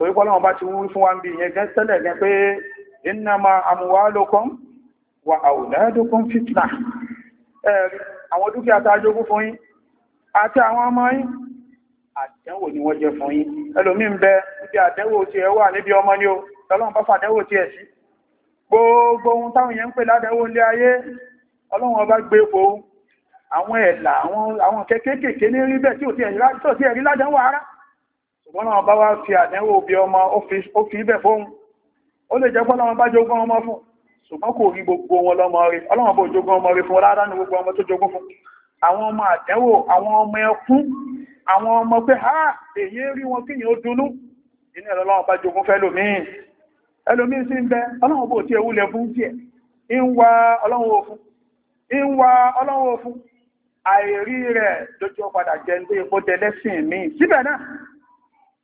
torí pé Ọlọ́run bá ti wí fún wa ń bí ìyẹn gẹ́ tẹ́lẹ̀ gẹ́ pé innama amwalukum wa auladukum fitna àwọn dúkìá tá a jogún fún yín àti àwọn ọmọ yín àdẹ́wò ni wọ́n jẹ́ fún yín ẹlòmí ń bẹ níbi àdẹ́wò tí ẹ wà níbi ọmọ ni o Ọlọ́run bá fàdẹ́wò tí ẹ sí gbogbo ohun táwọn yẹn ń pè ládẹ́wò ilé ayé Ọlọ́run ọba gbé epo àwọn ẹ̀là àwọn kékékèké ní rí bẹ́ẹ̀ tí ò ti ẹ̀rí ládẹ́wò ara ṣùgbọ́n náà bá wá fi àdánwò bí ọmọ ó fi ibẹ̀ fóun ó lè jẹ́ pọ́nà bá jogún ọmọ fún ṣùgbọ́n kò rí gbogbo wọn lọ́mọ rí ọlọ́wọ́n bó jogún ọmọ rí fún ọládánù gbogbo ọmọ tó jogún fún àwọn ọmọ àdánwò àwọn ọmọ ẹkún àwọn ọmọ pé ha èyí rí wọn kí yìí ó dunú inú ẹ̀rọ ọlọ́wọ́n bá jogún fẹ́ lòmíín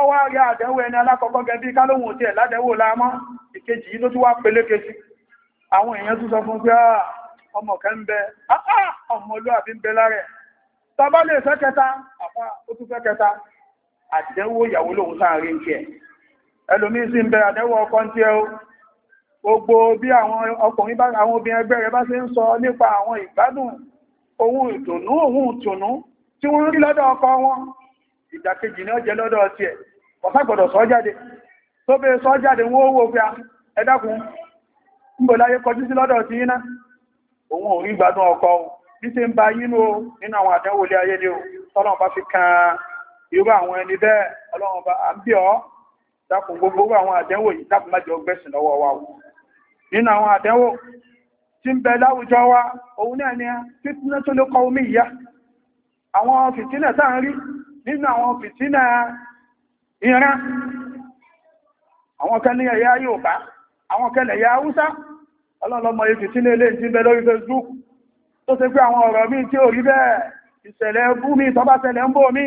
ọwá rí àdẹ́wò ẹni alákọ̀ọ́kọ́ gẹbí kálóhun òtí ẹ̀ ládẹ́wò lámọ́ ìkejì yìí ló tún wá peléke sí àwọn èèyàn tún sọ fún pé ah, ọmọ kẹ́ ń bẹ ah, ah, ọmọ olóàbí ń bẹ lára ẹ̀ tọba lè fẹ́ kẹta àfá ó tún fẹ́ kẹta àdẹ́wò ìyàwó lòun sáàrí ń tiẹ̀ ẹlòmíín sì ń bẹ àdẹ́wò ọkọ ń tiẹ̀ o gbogbo bí àwọn ọkùnrin bá àwọn obìnrin ẹgbẹ́ rẹ bá ṣe ń sọ nípa àwọn ìgbádùn ohun ìdùnnú ohun ìtùnnú tí wọ́n rí lọ́dọ̀ ọkọ wọn ìdàkejì ní ọjẹ́ lọ́dọ̀ ọtí ẹ̀ ọ̀sá sọ́jáde tó bẹ́ẹ̀ sọ́jáde jáde owó pé ẹ dákun kọjú sí lọ́dọ̀ ti òun ọkọ bí ń yínú o nínú àwọn ayé ni àwọn ẹni bẹ́ẹ̀ ọlọ́run bá à ń gbogbo àwọn àdánwò yìí má lọ́wọ́ wa nínú àwọn tí ń bẹ láwùjọ wa nínú àwọn fìtínà ìran àwọn kẹlẹ̀ ẹ̀yà Yorùbá àwọn kẹlẹ̀ ẹ̀yà Haúsá ọlọ́lọ́mọ ìfìtínà ilé ti bẹ lórí Facebook tó ṣe pé àwọn ọ̀rọ̀ mi tí ò rí bẹ́ẹ̀ ìṣẹ̀lẹ̀ bú mi tọ́bá ṣẹlẹ̀ ń bò mí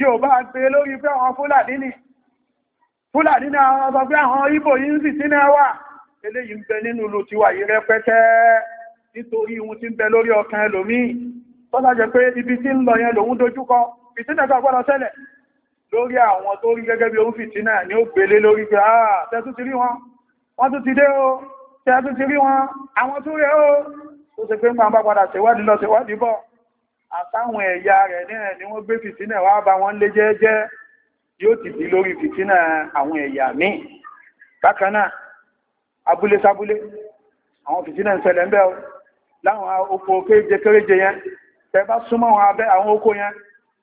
Yorùbá gbé lórí pé àwọn Fúlàní ni Fúlàní ni àwọn ọmọ pé àwọn Ìbò yìí ń fìtínà wà eléyìí ń bẹ nínú ìlú tiwa yìí fìtínà tó gbọ́dọ̀ ṣẹlẹ̀ lórí àwọn tó rí gẹ́gẹ́ bí orú fìtínà ni ó gbélé lórí pé àà ah, tẹ́tún ti rí wọn wọ́n tún ti dé o tẹ́tún ti rí wọn àwọn tún rẹ̀ o tó ṣe pé ń gbàmbá padà ṣèwádìí lọ ṣèwádìí bọ̀ àtàwọn ẹ̀yà rẹ̀ náà ni wọ́n gbé fìtínà wá bá wọn lé jẹ́ẹ́jẹ́ yóò ti di lórí fìtínà àwọn ẹ̀yà míì bákan náà abúlé sábúlé àwọn fìtínà ń ṣẹlẹ̀ ń bẹ o láwọn oko kéréje kéréje yẹn tẹ bá súnmọ́ àwọn oko yẹn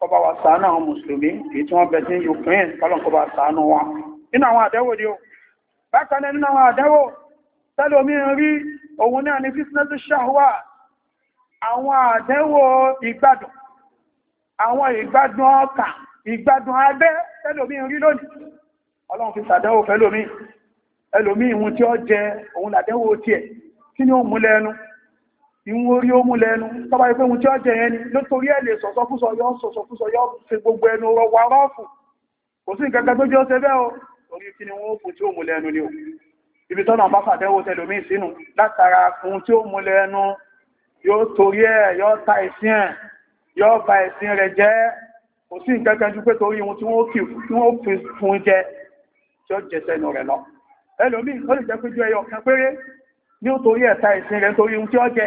kọba wa ṣàánú àwọn mùsùlùmí èyí tí wọ́n bẹ̀ ukraine kọlọ̀ kọba ṣàánú wa, nínú àwọn àdẹ́wò ni ó bákan náà nínú àwọn àdẹ́wò tẹ́lẹ̀ omi rí òun náà ni fitness shahwa àwọn àdẹ́wò ìgbádùn àwọn ìgbádùn ọkà ìgbádùn abẹ́ tẹ́lẹ̀ omi rí lónìí ọlọ́run fi ṣàdẹ́wò fẹ́lómi ẹlòmí ìwọ̀n orí ó mú lẹ́nu tọ́bá ipé ohun tí ó jẹ ẹni nítorí ẹ̀ lè sọ̀sọ́fúsọ yọ́ sọ̀sọ́fúsọ yọ́ ṣe gbogbo ẹnu wà rọ́ọ̀fù kò sí nǹkan kan jẹ́ ọ́sẹ̀ bẹ́ẹ̀ o orí kí ni wọ́n fún tí ó mú lẹ́nu ni o ibi tọ́nà bá fàdẹ́wò tẹlòmí sínú látara ohun tí ó mú lẹ́nu yóò torí ẹ̀ yọ́ ta ìsìn ẹ̀ yọ́ ba ìsìn rẹ̀ jẹ́ kò sí nǹkan kan ju pé torí ohun tí wọ́n fi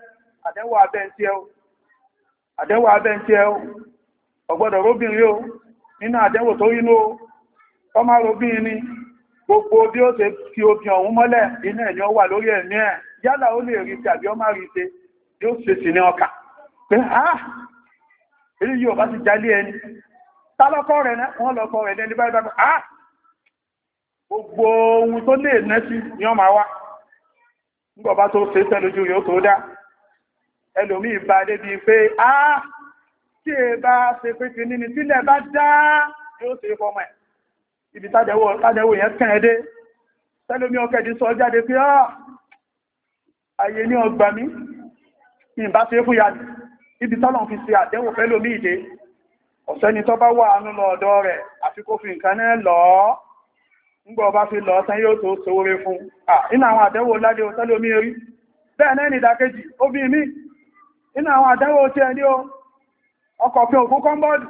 àdẹ́wò abẹ́ ẹ́ o àdẹ́wò ẹ́ o nínú àdẹ́wò tó o ọmọ Robin ni gbogbo bí ó ṣe fi obìn ọ̀hún mọ́lẹ̀ iná ẹ̀ wà lórí ẹ̀mí ẹ̀ yálà ó lè rí tàbí ọmọ rí bí ó ṣe sí ní ọkà pé á ti jálé ẹni tálọ́kọ́ rẹ̀ wọ́n lọ́kọ́ rẹ̀ ní gbogbo ohun tó lè nẹ́sí ọmọ wa nígbà bá tó ṣe yóò tó ẹlòmí ìbá débi pé á tí è bá ṣe pé ti níni sílẹ̀ bá dá yóò ṣe fọmọ ẹ̀ ibi tádẹ̀wò yẹn kàn ẹ́ dé tẹ́lómi ọkẹ́ di sọ jáde pé á ayé ní ọgbà mi ìbá ṣe fún yàtì ibi tọ́lọ̀ fi ṣe àdẹ́wò fẹ́lómi ìdé ọ̀sẹ́ni tó bá wà ánú lọ ọ̀dọ́ rẹ̀ àfi kó fi nǹkan náà lọ́ọ́ ńgbọ́ bá fi lọ ọ̀tán yóò tó sówóre fún à inú àwọn àdẹ́wò ládé ọ̀tẹ́lómi orí bẹ́ẹ̀ náà nìdákejì ó bí mi nínú àwọn àdáwò tí ẹni ó ọkọ̀ fi òkú kọ́mbọ́dù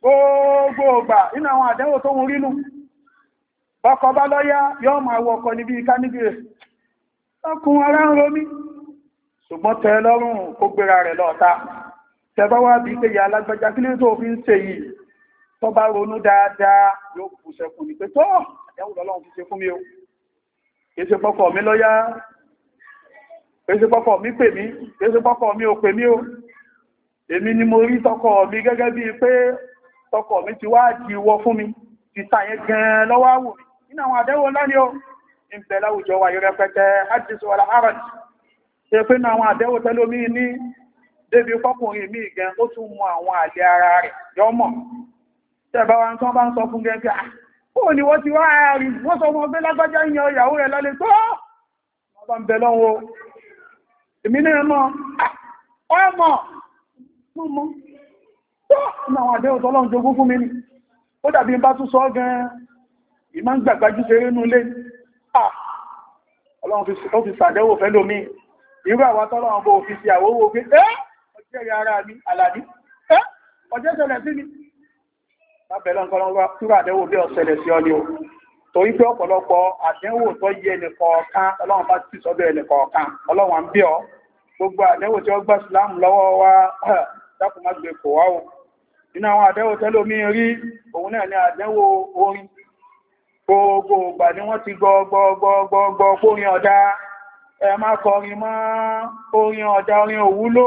gbogbo ọgbà nínú àwọn àdáwò tó ń rínú ọkọ̀ bá lọ́yá yọ́ ma wọ ọkọ̀ níbi ìká níbi rẹ̀ ọkùn ara ń romí ṣùgbọ́n tẹ lọ́rùn kó gbéra rẹ̀ lọ́ta tẹbá wá bí pé ya kí lè fi ń ṣe yìí tó bá ronú dáadáa yóò kù sẹ́kùn ní pé tó àdáwò lọ́lọ́run fi se fún mi o kì í ṣe pọ́kọ̀ mi lọ́yá èsì pọ́pọ̀ mi pè mí èsì pọ́pọ̀ mi ò pè mí o èmi ni mo rí tọkọ mi gẹ́gẹ́ bí pé tọkọ mi ti wá di wọ fún mi ti sàyẹn gan lọ́wọ́ àwò mi nínú àwọn àdẹ́wò ńlá ni ó ń bẹ láwùjọ wa yẹrẹ pẹtẹ hajjis wàlá haraj ṣe pé nínú àwọn àdẹ́wò tẹ́lómi ní débi pọ́kùnrin mi gan ó tún mọ àwọn àlè ara rẹ̀ yọmọ tẹ́bá wa tán bá ń sọ fún gẹ́gẹ́ ah, ó ní wọ́n ti wá ààrí wọ́n sọ ọmọ èmi náà mọ́ ọmọ mọ́ mọ́ tó ọmọ àwọn àdéhùn tọ́lọ́run jogún fún mi ní ó dàbí bá tún sọ gan-an ìmá ń gbàgbájú ṣe rínú ilé ọlọ́run ó fi sàdẹ́wò fẹ́ lómi irú àwọn tọ́lọ́run bó fi sí àwọ́wò pé ẹ́ ọjẹ́ ara mi àlàní ẹ́ ọjẹ́ ṣẹlẹ̀ sí mi lábẹ̀lọ́nkọ́lọ́run wá túrà àdẹ́wò bí ọ̀ṣẹlẹ̀ sí ọ ni o torí pé ọ̀pọ̀lọpọ̀ àdánwò tó yẹ ẹnìkọ̀ọ̀kan ọlọ́run bá ti sọ́dọ̀ ẹnìkọ̀ọ̀kan ọlọ́run à ń bí ọ gbogbo àdánwò tí ó gbà síláàmù lọ́wọ́ wa dákun má gbé kò wá o nínú àwọn àdánwò tẹ́lómi rí òun náà ni àdánwò orin gbogbo ìgbà ni wọ́n ti gbọgbọgbọgbọ kórin ọ̀dá ẹ má kọrin mọ́ orin ọ̀dá orin òwúlò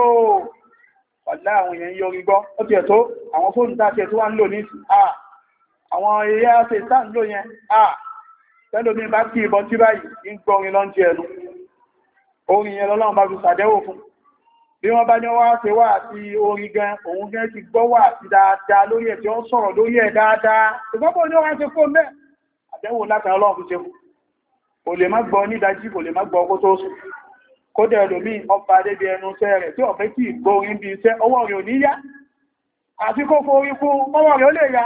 wàlá àwọn èèyàn yọrin gbọ́ ó tiẹ̀ tó àwọn fóònù tá a tiẹ̀ tó wá ń lò ní àwọn eré àti ìtàn ló yẹn à tẹ́lómi bá kí ìbọn tí báyìí ń gbọ́rin lọ́njẹ ẹnu orin yẹn lọ́lọ́run bá fi sàdẹ́wò fún bí wọ́n bá ní wá ṣe wá àti orin gan òun gan ti gbọ́ wá àti dáadáa lórí ẹ̀ tí ó sọ̀rọ̀ lórí ẹ̀ dáadáa ìgbọ́pọ̀ ní wá ṣe fún mẹ́ fún ọwọ́ rẹ̀ ó lè yá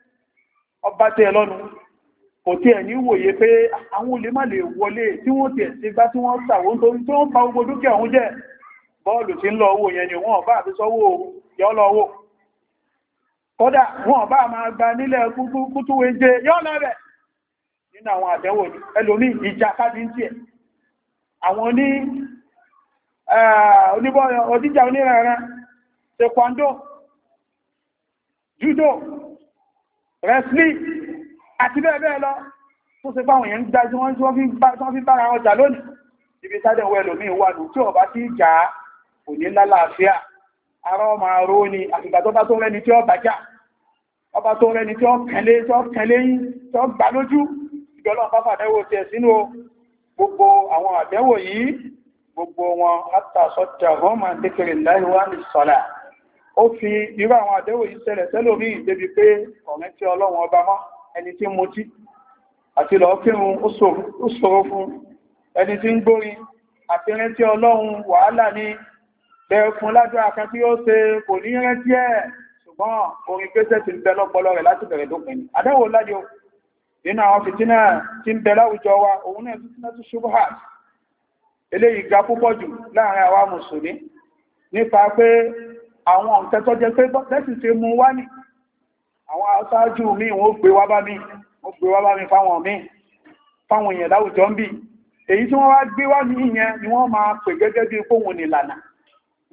ọba tẹ lọ́nu kò tí ẹ̀ ní wòye pé àwọn olè má lè wọlé tí wọ́n ti ẹ̀sìn bá tí wọ́n sàwọ́n tó tí wọ́n pa gbogbo dúkìá òun jẹ́ bọ́ọ̀lù tí ń lọ owó yẹn ni wọ́n bá àti sọ́wọ́ yọ́ lọ́wọ́ kódà wọ́n bá máa gba nílẹ̀ kútúwé jẹ yọ́ lọ́rẹ̀ nínú àwọn àdẹ́wò ni ẹlòmí judo rẹ́sílì àti bẹ́ẹ̀ bẹ́ẹ̀ lọ tó ṣe fáwọn èèyàn gbá tí wọ́n fi bára wọn jà lónìí ibi sáré wọ ẹlòmí wà nù tí ọba sí ìjà kò ní lálàáfíà ara ọmọ aró ni àtìgbà tó bá tó rẹni tí ó bàjá ọba tó rẹni tí ó kẹlé tí ó kẹlé yín tí ó gbà lójú ìjọlọ́ bá fàdẹ́wò tiẹ̀ sínú gbogbo àwọn àdẹ́wò yìí ó fi irú àwọn àdẹ́wò yìí ṣẹlẹ̀ tẹ́lò ní ìdébi pé ọ̀rẹ́ tí ọlọ́run ọba mọ́ ẹni tí ń mutí àti lọ kírun ó ṣòro fún ẹni tí ń gbórin àti rántí ọlọ́run wàhálà ní bẹ̀rẹ̀ fún ládọ́ akan tí ó ṣe kò ní rántí ẹ̀ ṣùgbọ́n orin pẹ́sẹ̀ ti ń bẹ lọ́pọlọ rẹ̀ láti bẹ̀rẹ̀ dópin nípa pé àwọn nǹkan tó jẹ́ pé lẹ́sì ṣe mú wá ní àwọn aṣáájú mi wọ́n gbé wá bá mi wọ́n gbé wá bá mi fáwọn mi fáwọn èèyàn láwùjọ ń bì èyí tí wọ́n wá gbé wá ní ìyẹn ni wọ́n máa pè gẹ́gẹ́ bí kóhun ní ìlànà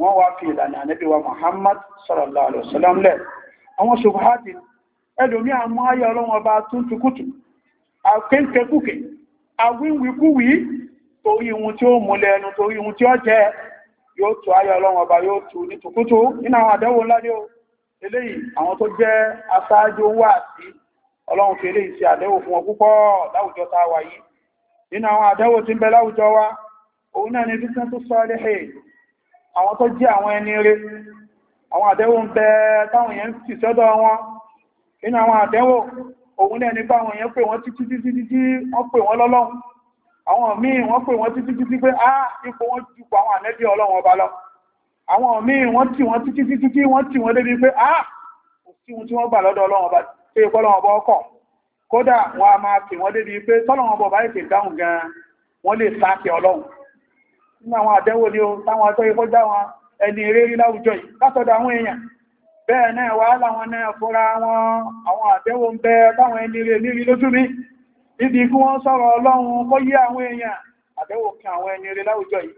wọ́n wá fi ìlànà ànábì wa Muhammad sallallahu alaihi wasallam lẹ̀ àwọn ṣubhati ẹlòmí àmọ́ ayé ọlọ́wọ́n bá tún tukutu àkéńkẹ́kùkẹ́ àwíwíkúwí torí ohun tí ó múlẹ̀ ẹnu torí ohun tí ó jẹ́ yóò tó ayọ̀ ọlọ́run ọba yóò tú ní tòkútù nínú àwọn o eléyìí àwọn tó jẹ́ asáájú wà sí ọlọ́run fi eléyìí ṣe àdẹ́wò fún wọn láwùjọ ta a wà yìí nínú àwọn ń bẹ láwùjọ wa òun náà ni tó sọ àwọn tó jẹ́ àwọn ẹni àwọn ń bẹ táwọn sì sọ́dọ̀ wọn nínú àwọn òun náà ni báwọn pè wọ́n títí títí wọ́n pè wọ́n àwọn míì wọ́n pè wọ́n títí títí pé á ah, ipò wọ́n ti pọ̀ àwọn ànẹ́bí ọlọ́run ọba lọ àwọn míì wọ́n tì wọ́n títí títí tí wọ́n tì wọ́n débi pé á ah, kò sí ohun tí wọ́n gbà lọ́dọ̀ ọlọ́run ọba pé ọlọ́run ọba ọkọ̀ kódà wọ́n a máa pè wọ́n débi pé tọ́lọ́run ọba ọba ètè dáhùn gan wọ́n lè sáàkì ọlọ́run nínú àwọn àdẹ́wò ni ó táwọn atọ́ ikọ́ já wọn ẹni eré rí láwùjọ yìí látọ̀dọ̀ àwọn èèyàn bẹ́ẹ̀ náà wà láwọn náà fúnra wọn àwọn àdẹ́wò ń bẹ táwọn ẹni eré nírí lójú mi níbi kí wọ́n sọ̀rọ̀ ọlọ́run kó yé àwọn èèyàn àbẹ́wò kí àwọn ẹni rẹ̀ láwùjọ yìí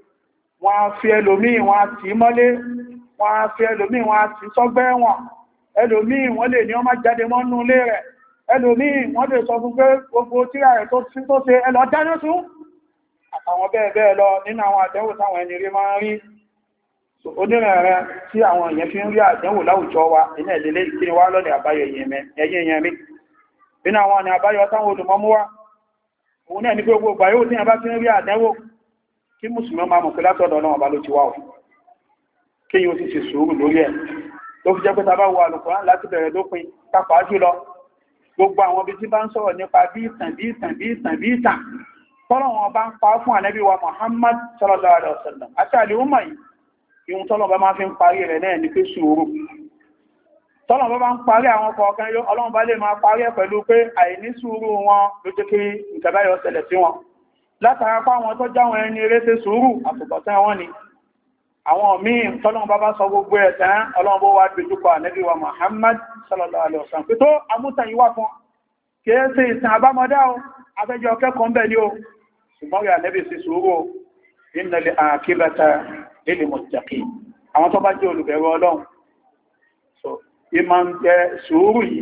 wọ́n á fi ẹlòmíì wọ́n á tì í mọ́lé wọ́n á fi ẹlòmíì wọ́n á tì í sọ́gbẹ́ ẹ̀wọ̀n ẹlòmíì wọ́n lè ní ọmọ jáde mọ́nú ilé rẹ̀ ẹlòmíì wọ́n lè sọ fún pé gbogbo tíra rẹ̀ tó ṣe ẹlọ dáná tún àtàwọn bẹ́ẹ̀ bẹ́ẹ̀ lọ nínú àwọn àdẹ́wò táwọn ẹni rí máa nínú àwọn àni àbáyọ táwọn olùmọ́múwá òun náà ní pé gbogbo àyíwò tí a bá ti ń rí àdánwò kí mùsùlùmí máa mọ̀ pé látọ̀dọ̀ náà bá ló ti wá ọ̀ kí yíò sì ṣe sùúrù lórí ẹ̀ tó fi jẹ́ pé tàbá wo àlùkùránì láti bẹ̀rẹ̀ lópin pàápàá jùlọ gbogbo àwọn ibi tí bá ń sọ̀rọ̀ nípa bí ìtàn bí ìtàn bí ìtàn tọ́lọ̀ bá bá ń parí àwọn kọ̀ọ̀kan yóò ọlọ́run bá lè máa parí ẹ̀ pẹ̀lú pé àìní sùúrù wọn ló jẹ́ kí nǹkan báyọ̀ ṣẹlẹ̀ sí wọn látara pa àwọn tó jáwọn ẹni eré ṣe sùúrù àtùbọ̀tán wọn ni àwọn míì tọ́lọ́run bá bá sọ gbogbo ẹ̀ tán ọlọ́run bó wá dojúkọ ànẹ́bí wa Muhammad sallallahu alaihi wasallam pé tó amútàn yíwá fún kìí ṣe ìsìn àbámọ́dá o afẹ́jọ́ kẹ́kọ̀ọ́ ń bẹ̀ ni o ṣùgbọ́n rẹ̀ ànẹ́bí ṣe sùúrù innal aqibata lil muttaqin àwọn tó bá jẹ́ olùbẹ̀rù ọlọ́run ìmá ń jẹ sùúrù yìí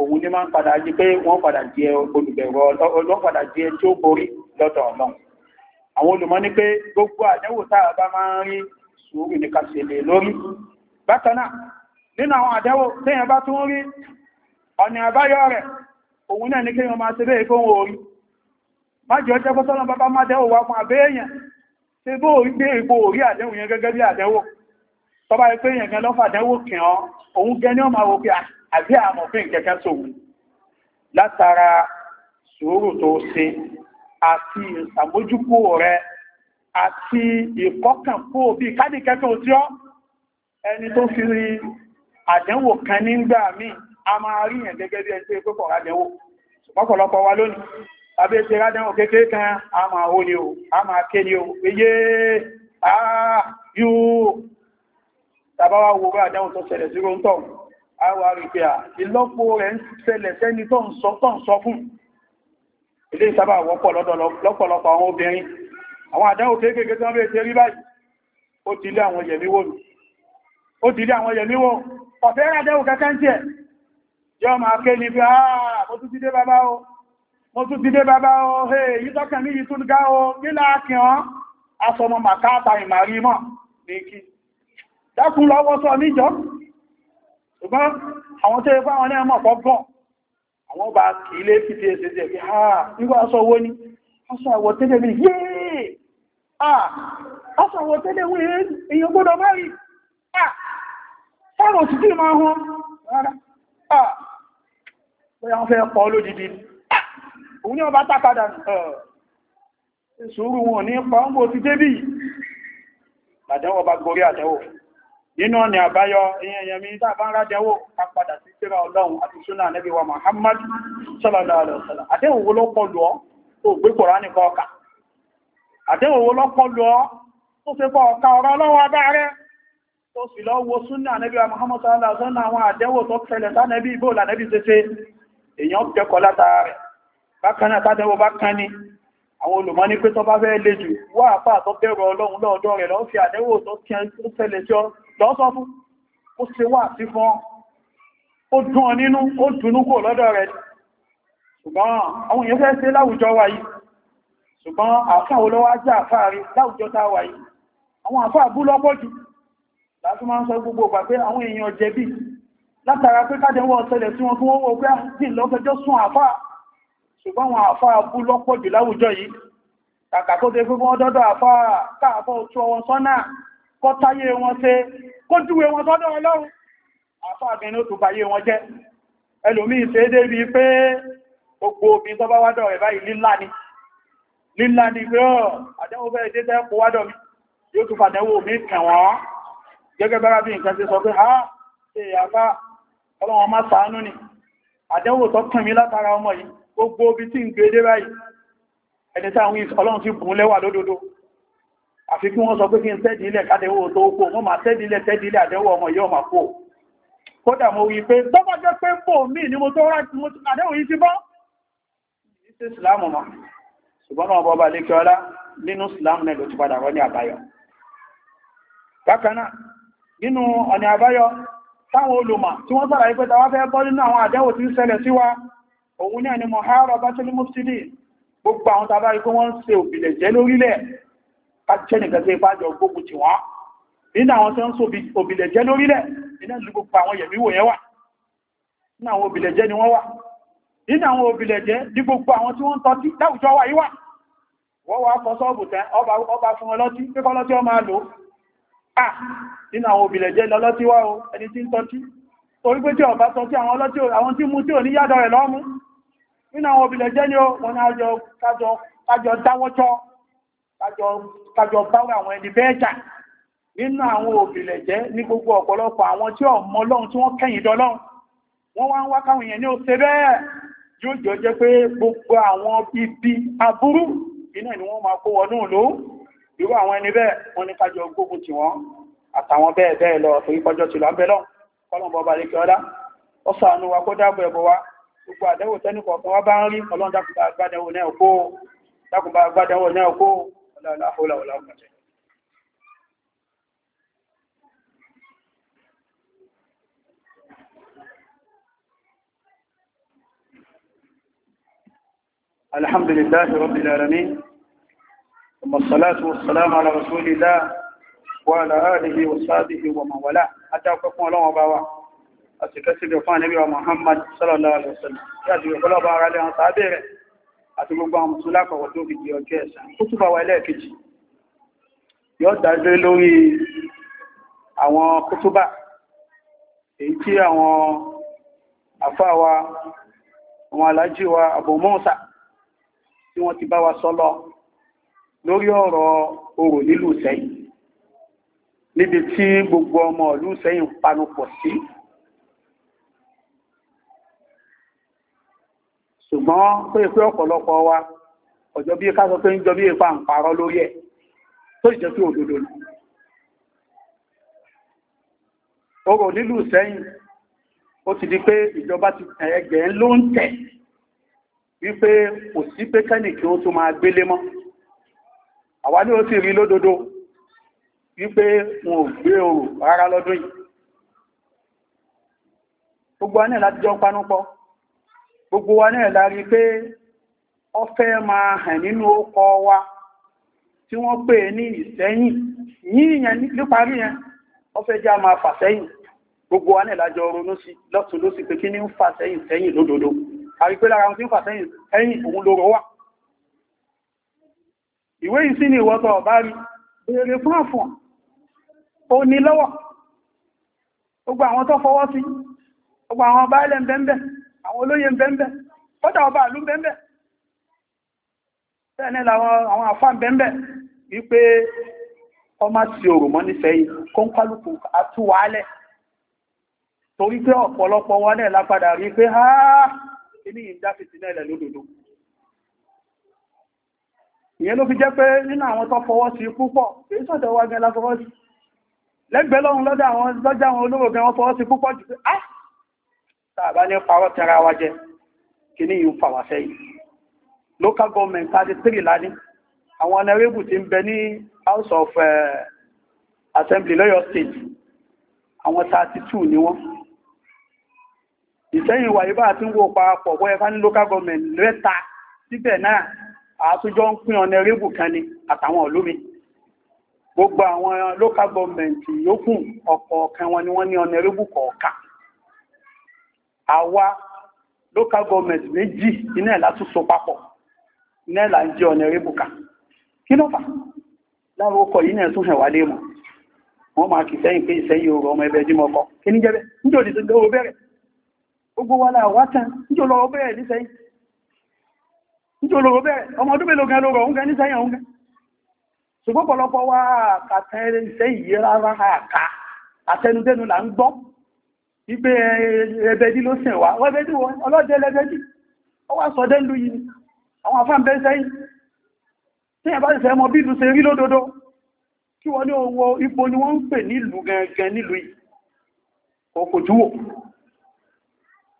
òun ní máa ń padà jí pé wọ́n padà jẹ olùbẹ̀rọ ọlọ́ padà jẹ tí ó borí lọ́dọ̀ ọ̀nà àwọn ní pé gbogbo àdẹ́wò táà bá máa ń rí sùúrù ní kàṣẹlẹ̀ ṣe bẹ́ẹ̀ fóun orí má jẹ́ bàbá má dẹ́wò wá fún ṣe bó orí ìbò orí tọba ẹgbẹ́ èèyàn gan lọ́fà dánwò kì ọ́ òun gẹ́ ní ọmọ àwọn òkè àbí àmọ̀fin kẹ̀kẹ́ sòun látara sùúrù tó ṣe àti ìsàmójúkú rẹ àti ìkọ́kànpó bí káàdì kẹ́kẹ́ tí ọ́ ẹni tó fi rí àdánwò kan nígbà míì a máa rí yẹn gẹ́gẹ́ bí ẹni tó pẹ́pọ̀ rádẹ́wò ọ̀pọ̀lọpọ̀ wa lónìí tàbí ti rádẹ́wò kékeré kan tàbá wá wo àdáhùn tó ṣẹlẹ̀ sí róńtọ̀ àwà rí pé à ìlọ́po rẹ̀ ń ṣẹlẹ̀ sẹ́ni tó ń sọ tó ń sọ fún ilé ìsábà wọ́pọ̀ lọ́pọ̀lọpọ̀ àwọn obìnrin àwọn àdáhùn kéékèèké tó ń bèèrè rí báyìí ó ti lé àwọn yẹ̀míwò nù ó ti lé àwọn yẹ̀míwò ọ̀fẹ́ àdáhùn kankan ń tiẹ̀ yọ máa ké ní pé àà mo tún ti dé bàbá o mo tún ti o he yí tọ́kàn ní yìí tún ga o nílà kí wọ́n aṣọ ọmọ màkà àtàrí dákùn lọ wọ́sọ níjọ́ ṣùgbọ́n àwọn tó ẹgbẹ́ àwọn ní àmọ́ pọ́pọ́ àwọn bá kìí lé fìdí ẹsẹ̀ jẹ́ pé ha nígbà aṣọ owó ni aṣọ àwọ̀ tẹ́lẹ̀ mi yéè aṣọ àwọ̀ tẹ́lẹ̀ wọ́n èèyàn gbọ́dọ̀ márì fọ́nà òsì tí máa hàn rárá bóyá wọ́n fẹ́ pọ̀ lójijì òun ní ọba nínú ọ̀nà àbáyọ ìyẹnyẹmí tàbá rájẹwò àpadà sí síra ọlọ́run àti súnà Nábì wa Muhammad sallallahu alaihi wasallam àdéhùn owó lọ́pọ̀ lọ tó gbé Kùránì kọ ọkà àdéhùn owó lọ́pọ̀ lọ tó fi kọ ọkà ọ̀rọ̀ ọlọ́run abá rẹ tó sì lọ wo súnà Nábì wa Muhammad sallallahu alaihi wasallam àwọn àdéhùn tó kẹlẹ̀ sánẹ́bí ibò lànẹ́bí tẹ́tẹ́ èèyàn kẹ́kọ̀ọ́ látara rẹ̀ bákan náà tádẹ́wọ́ bá kan ní àwọn olùmọ́ ní pé tó bá fẹ́ lè jù wá àpá àtọ́bẹ̀rọ ọlọ́run lọ́ọ̀dọ́ rẹ̀ lọ́ fi àdẹ́wò tó tẹ́lẹ̀ tí ó lọ́sọ́ fún ó ṣe wà sí fún ó dùn ọ nínú ó dùnú kò lọ́dọ̀ rẹ̀ ṣùgbọ́n àwọn èèyàn fẹ́ ṣe láwùjọ wa yìí ṣùgbọ́n àfáà olówó ajá àfáà rí láwùjọ tá wà yìí àwọn àfáà bú lọ́pọ̀ jù láti máa ń sọ gbogbo ìgbà pé àwọn èèyàn jẹ̀bi látara pé kájẹwọ́ ọ̀sẹ̀lẹ̀ tí wọ́n fún owó pé àti ah, ìlọ́fẹjọ́ sún àfáà ṣùgbọ́n àwọn àfáà bú lọ́pọ̀ jù láwùjọ yìí kàkà tó dé fún ọdọ́dọ̀ àfáà káàfọ́ ojú ọwọ́ sọ́nà kọtayé wọn ṣe kó júwe wọn sọ́dọ̀ ọlọ́run àfáàbìnrin ó tùbàyé wọn jẹ́ ẹlòmí ṣe é débi pé gbogbo obìnrin tó bá wádọ̀ rẹ̀ báyìí lílá ni lílá ni pé ọ̀ àdẹ́wò bẹ́ẹ̀ dé tẹ́ kó wádọ̀ mi yóò tún fàdẹ́wò mi kàn wọ́n gẹ́gẹ́ bára bí nǹkan ṣe sọ pé ha ṣe àbá ọlọ́wọ́n má ṣàánú ni àdẹ́wò tó kàn mí látara ọmọ yìí gbogbo obì tí ń gbé dé báyìí ẹni táwọn ọlọ́run ti bùn lẹ́wà lódodo àfi kí wọ́n sọ pé kí n tẹ́dì ilẹ̀ kádẹwò tó kó mọ́ máa tẹ́dì ilẹ̀ tẹ́dì ilẹ̀ àdẹ́wò ọmọ yóò máa kó kódà mo wí pé tọ́bọ̀ jẹ́ pé pò mí ní mo tó rá àdẹ́wò yìí ti bọ́ ìṣẹ́ ìsìláàmù mọ́ ṣùgbọ́n náà bọ́ba lè kíọ́lá nínú ìsìláàmù náà ló ti padà rọ́ ní àbáyọ bákanáà nínú ọ̀nà àbáyọ táwọn olùmọ̀ tí wọ́n sára ipẹ́ tàwà fẹ́ bọ́ nínú àwọn àdẹ́wò tí ń ṣẹlẹ̀ sí wa òun náà ni mọ̀hárọ̀ bá tẹ́lẹ̀ mọ́sílì gbogbo àwọn tàbá ikú wọ́n ń ṣe òbílẹ̀ jẹ́ lórílẹ̀ kájẹ́ nìkan tí ipá jọ gbógun tì wọ́n nínú àwọn tí ń so jẹ́ lórílẹ̀ nínú ìlú gbogbo àwọn yẹ̀míwò yẹn wà nínú àwọn òbìlẹ̀ jẹ́ ni wọ́n wà nínú àwọn ní gbogbo tí wọ́n tọ́tí láwùjọ wà yíwà ọba fún ọlọ́tí ọ máa lò nínú àwọn lọ́lọ́tí wá o ẹni tí ọba àwọn ọlọ́tí àwọn tí mú tí ò ní rẹ̀ lọ́mú nínú àwọn kájọ báwọ àwọn ẹni bẹ́ẹ̀ jà nínú àwọn òbílẹ̀ jẹ́ ní gbogbo ọ̀pọ̀lọpọ̀ àwọn tí ọmọ ọlọ́run tí wọ́n kẹ́yìn dọ́lọ́run wọ́n wá ń wá káwọn èèyàn ní ó ṣe bẹ́ẹ̀ yóò jọ jẹ́ pé gbogbo àwọn ibi aburú iná ni wọ́n máa kó wọnú ìlú irú àwọn ẹni bẹ́ẹ̀ wọ́n ní kájọ gbógun tì wọ́n àtàwọn bẹ́ẹ̀ bẹ́ẹ̀ lọ torí kọjọ́ ti lọ ń bẹ lọ kọlọ̀bọ̀ kí ọlá ó sàánú wa kó dáàbò ẹ̀bọ̀ wa gbogbo àdẹ́wò tẹ́nìkọ̀ọ̀kan wá bá ń rí ọlọ́run dákùnbà agbádẹ́wò náà kó لا لا حول ولا قوة إلا بالله الحمد لله رب العالمين ثم الصلاة والسلام على رسول الله وعلى آله وصحبه ومن والاه أتاكم الله وبارك أتكسب فان نبي محمد صلى الله عليه وسلم يا ذي القلوب على أصحابه àti gbogbo àwọn mùsùlùmí lápapọ̀ tó fi di ọjọ́ ẹ̀san ó túbà wà ẹlẹ́ẹ̀kejì yóò dájú lórí àwọn kútúbà èyí tí àwọn àfáwa àwọn alájí wa Abu Musa tí wọ́n ti bá wa sọ́lọ́ lórí ọ̀rọ̀ orò nílùú Ìsẹ́yìn níbi tí gbogbo ọmọ ìlú Ìsẹ́yìn panupọ̀ sí ṣùgbọ́n pé pé ọ̀pọ̀lọpọ̀ wa ọjọ́ bí ká sọ pé ń jọ bí ipa ń parọ́ lórí ẹ̀ tó ìjọ tí òdodo ni ọ̀rọ̀ nílùú sẹ́yìn ó ti di pé ìjọba ti ẹgbẹ̀ ló ń tẹ̀ wípé kò sí pé kẹ́nìkì ó tún máa gbélé mọ́ àwa ní ó sì rí lódodo wípé wọn ò gbé orò rárá lọ́dún yìí gbogbo anẹ́ láti jọ panúpọ̀ gbogbo wa náà lárí pé ó fẹ́ máa hàn nínú ọkọ wa tí wọ́n pè ní ìsẹ́yìn yíyàn níparí yẹn ó fẹ́ já máa fà sẹ́yìn gbogbo wa náà lájọ ronú sí lọ́tún ló sì pé kí ní ń fà sẹ́yìn sẹ́yìn lódodo àrí pé lára wọn tí ń fà sẹ́yìn sẹ́yìn òun lóró wà ìwé yìí sí ni ìwọ́tọ̀ ọ̀bá rí gbogbo àwọn tó fọwọ́ sí gbogbo àwọn báyẹ̀lẹ̀ ń àwọn olóyè ń bẹ́m̀bẹ̀ kọ́dà ọba ìlú bẹ́m̀bẹ̀ bẹ́ẹ̀ nílà àwọn àfá bẹ́m̀bẹ̀ wípé ọmọ sí òrò mọ́ nífẹ̀ẹ́ yìí kọ́ńkálùkù àtúwálẹ̀ torí pé ọ̀pọ̀lọpọ̀ wọn náà lápadà rí pé ha inú ìdáfìsì náà ilẹ̀ lódòdó ìyẹn ló fi jẹ́ pé nínú àwọn tó fọwọ́ sí púpọ̀ èyí sọ̀tẹ̀ wá gẹ́ láfọwọ́ sí lẹ́gbẹ̀ẹ́ lọ́run lọ́dọ̀ àwọn lọ́jà àwọn olówó gẹ́ wọ́n fọwọ́ sí púpọ̀ jù ah tàbá ní parọ́ tẹ́ra wa jẹ kí ní ìhùn fàwà sẹ́yìn local government thirty three lání àwọn anarébù ti ń bẹ ní house of uh, assembly lọ́yọ̀ state àwọn 32 ni wọ́n ìsẹ́yìn wà yìí bá ti ń wo parapọ̀ bóyá ká ní local government lẹ́ta síbẹ̀ náà àtúnjọ ń pín ọ̀nẹ́rébù kan ni àtàwọn olómi gbogbo àwọn local government yókùn ọ̀kọ̀ọ̀kan wọn ni wọ́n ní ọ̀nẹ́rébù kọ̀ọ̀kan àwa local government méjì iná ẹ̀ látún so papọ̀ iná ẹ̀ là ń jẹ́ ọ̀nà erébùkà kí ló fà láwọn ọkọ̀ yìí náà tún hẹ̀ wá léèmọ̀ wọ́n máa kì sẹ́yìn pé ìsẹ́yìn oòrùn ọmọ ẹbẹ̀ dímọ̀ kọ kí ní jẹ́bẹ̀ níjọ́ ní lọ́wọ́ bẹ̀rẹ̀ gbogbo wa láà wá tán níjọ́ lọ́wọ́ bẹ̀rẹ̀ nísẹ́yìn níjọ́ lọ́wọ́ bẹ̀rẹ̀ ọmọ ọdún mélòó gan lọ́rọ̀ oúnjẹ nísẹ́yìn oúnjẹ ṣùgbọ́n pọ̀lọpọ̀ wa kàtẹ́ ìsẹ́yìn yìí rárá àká àtẹnudẹ́nu là ń gbọ́ ìgbé eh, ẹbẹ̀dí ló sẹ̀ wá ọlọ́dẹ̀dí wọn ọlọ́dẹ̀ lẹ́bẹ̀dí ó wá sọdẹ́ ìlú yìí àwọn afẹ́ bẹ́ sẹ́yìn tí ẹ̀bá ti fẹ́ mọ bí ìlú ṣe rí lódodo kí wọ́n ní owó ipò ni wọ́n ń pè nílùú gangan nílùú yìí kò júwò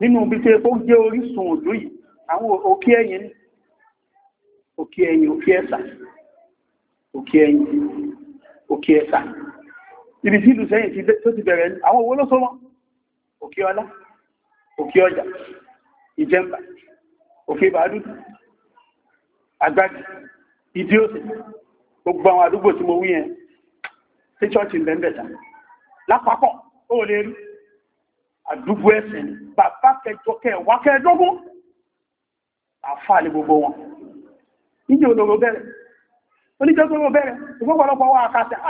nínú bí tí epo jẹ́ orísun òdú yìí àwọn òkè ẹ̀yìn òkè ẹ̀yìn òkè ẹ̀sà òkè ẹ̀yìn òkè ẹ̀sà ibi tí ìlú sẹ́yìn tó òkè ọlá òkè ọjà ìjẹmbà òkè bàálù àgbàjì ìdí òsè gbogbo àwọn àdúgbò tí mo wí yẹn tí chọ́ọ̀tì lẹ́ńdẹ̀ta lápapọ̀ ó lè rí àdúgbò ẹ̀sìn bàbá kẹjọ kẹwàá kẹjọgún àfáà ní gbogbo wọn níjẹ́ olóró bẹ̀rẹ̀ oníjẹ́ olóró bẹ̀rẹ̀ ìgbọ́pọ̀lọpọ̀ wà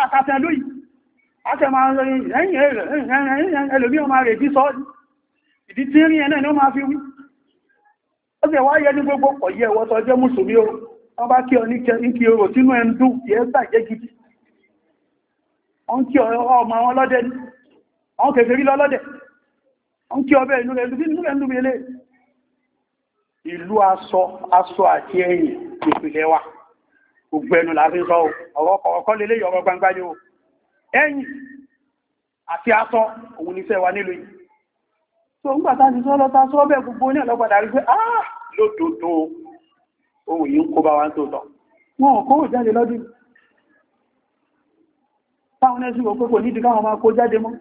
àkàtẹ̀ lóyìí Aṣẹ máa ń lórí lẹ́yìn ẹlòmí ọmọ rẹ̀ bí sọ́ọ̀dí. Ìdí tí rí ẹ̀nà ni ó máa fi wí. Ó sì wá yẹ ní gbogbo pọ̀ yẹ ẹwọ́ tọ́ jẹ́ Mùsùlùmí o. Wọ́n bá kí ọ ní kí orò tínú ẹ̀ ń dùn kí ẹ bàjẹ́ gidi. Wọ́n kí ọmọ wọn lọ́dẹ ní. Wọ́n kẹfẹ́ rí lọ́lọ́dẹ̀. Wọ́n kí ọbẹ̀ inú rẹ̀ inú rẹ̀ ń dùn Ìlú aṣọ, aṣọ àti ẹ̀yìn ìpìlẹ̀ Gbogbo ẹnu làá sọ ọ̀rọ̀ lélẹ́yìn ọ̀rọ̀ gbangba o ẹ̀yìn àti aṣọ òun nífẹ́ wa nílùú yìí tó ń gbàtà ti sọ́lọ́ ta sọ́ bẹ́ẹ̀ gbogbo ní ọ̀lọ́gbàdà rí pé áà lódòdó ohun yìí ń kó bá wa ń tó tọ́ wọn kó wò jáde lọ́dún táwọn ẹ̀sùn òpó kò nídìí káwọn máa kó jáde mọ́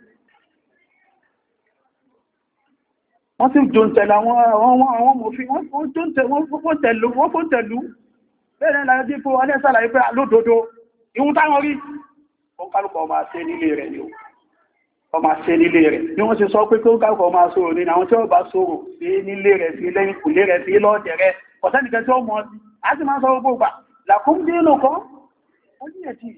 wọ́n sì jò ó kálùkọ ọmọ asé nílé rẹ̀ ni ó ọmọ asé nílé rẹ̀ ni wọ́n ti sọ pé kí ó kálùkọ ọmọ asóró ní àwọn tí ó bá sóró sí nílé rẹ̀ sí lẹ́yìn kùlé rẹ̀ sí lọ́ọ̀dẹ̀ rẹ̀ ọ̀sẹ́nìkẹ́ tí ó mọ̀ sí a sì máa sọ gbogbo gbà làkún dínú kan ó ní ẹ̀tì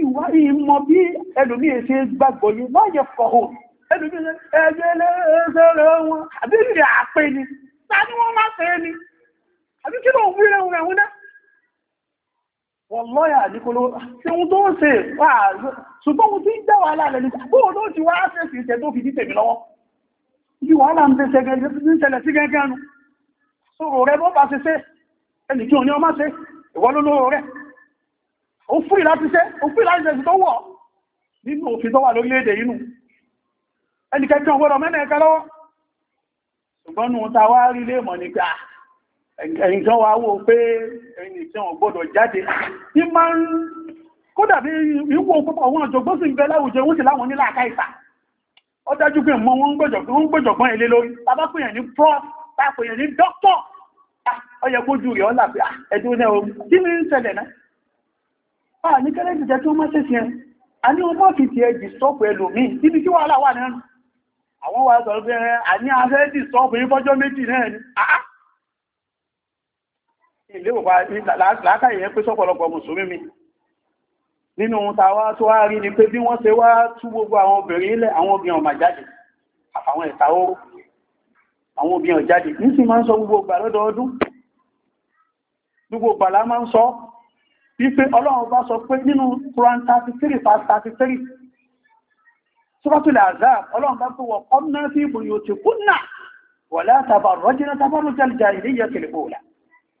ìwà ìmọ̀ bí ẹlòmí èsè gbàgbọ́ yìí wọ́n yẹ fọ̀hùn ẹlòmí ẹgbẹ́ lẹ́ẹ̀ẹ́sẹ̀rẹ̀ wọn àbí ìrìn àpé ni wọ̀lọ́yà ní kó lówó tí ohun tó ń ṣe wà ṣùgbọ́n ohun tí ń dá wàhálà rẹ̀ ní bóò ló ti wá fèsì ìṣẹ́ tó fi dí tèmi lọ́wọ́ bí wàhálà ń bẹ ṣẹlẹ̀ sí gẹ́gẹ́ nu sọ̀rọ̀ rẹ bó bá ṣe ṣe ẹnì kí òní ọmọ ṣe ìwọ ló lóró rẹ ó fún ìláti ṣe ó fún ìláti ṣe tó wọ̀ nínú òfin tó wà lórílẹ̀-èdè inú ẹnì kẹ́kẹ́ ọgbọ́dọ̀ mẹ́nà ẹ̀ka lọ́wọ́ ṣùgbọ́n nu ẹ̀yìn tán wá wó pé ẹ̀yìn tí wọ́n gbọ́dọ̀ jáde ní máa ń kódà bí ìwò púpọ̀ wọn àjọgbọ́n sí ìbẹ̀ láwùjọ wọ́n sì láwọn nílà àkáìsà ó dájú pé mọ́ wọn gbọ́jọ̀gbọ́n ilé lórí bàbá pèèyàn ní prof pàpèèyàn ní doctor ọyẹ kójú rẹ̀ ọ́là pé ẹ̀dùn náà kí ni ń ṣẹlẹ̀ náà a ní kẹ́lẹ́ ti jẹ́ kí wọ́n má ṣèṣe ẹ̀ a ní wọn fi ti ẹ dìstọ́pù ẹlòmíì níbi tí wàhálà wà nínú àwọn wà sọ pé a ní afẹ́ dìstọ́pù yín fọ́jọ́ méjì náà ilé òpá látàrí yẹn pé sọ́pọ̀lọpọ̀ mùsùlùmí mi nínú ta wá tó wá rí ni pé bí wọ́n ṣe wá tú gbogbo àwọn obìnrin ilẹ̀ àwọn obìnrin ọmọ jáde àfàwọn ẹ̀ta oró àwọn obìnrin ọ̀jáde ní sì máa ń sọ gbogbo ìgbà lọ́dọọdún gbogbo ìgbàlá máa ń sọ wípé ọlọ́run bá sọ pé nínú Quran 33 past 33 sọ́kọ́tùlẹ̀ àzáà ọlọ́run bá pé wọ̀kọ́ náà sí ibùn yóò ti kúnnà wọ̀lá tàbà rọ́jìnà tàbà rọ́jìnà ìdíyẹ tẹ̀lẹ̀ bóòlà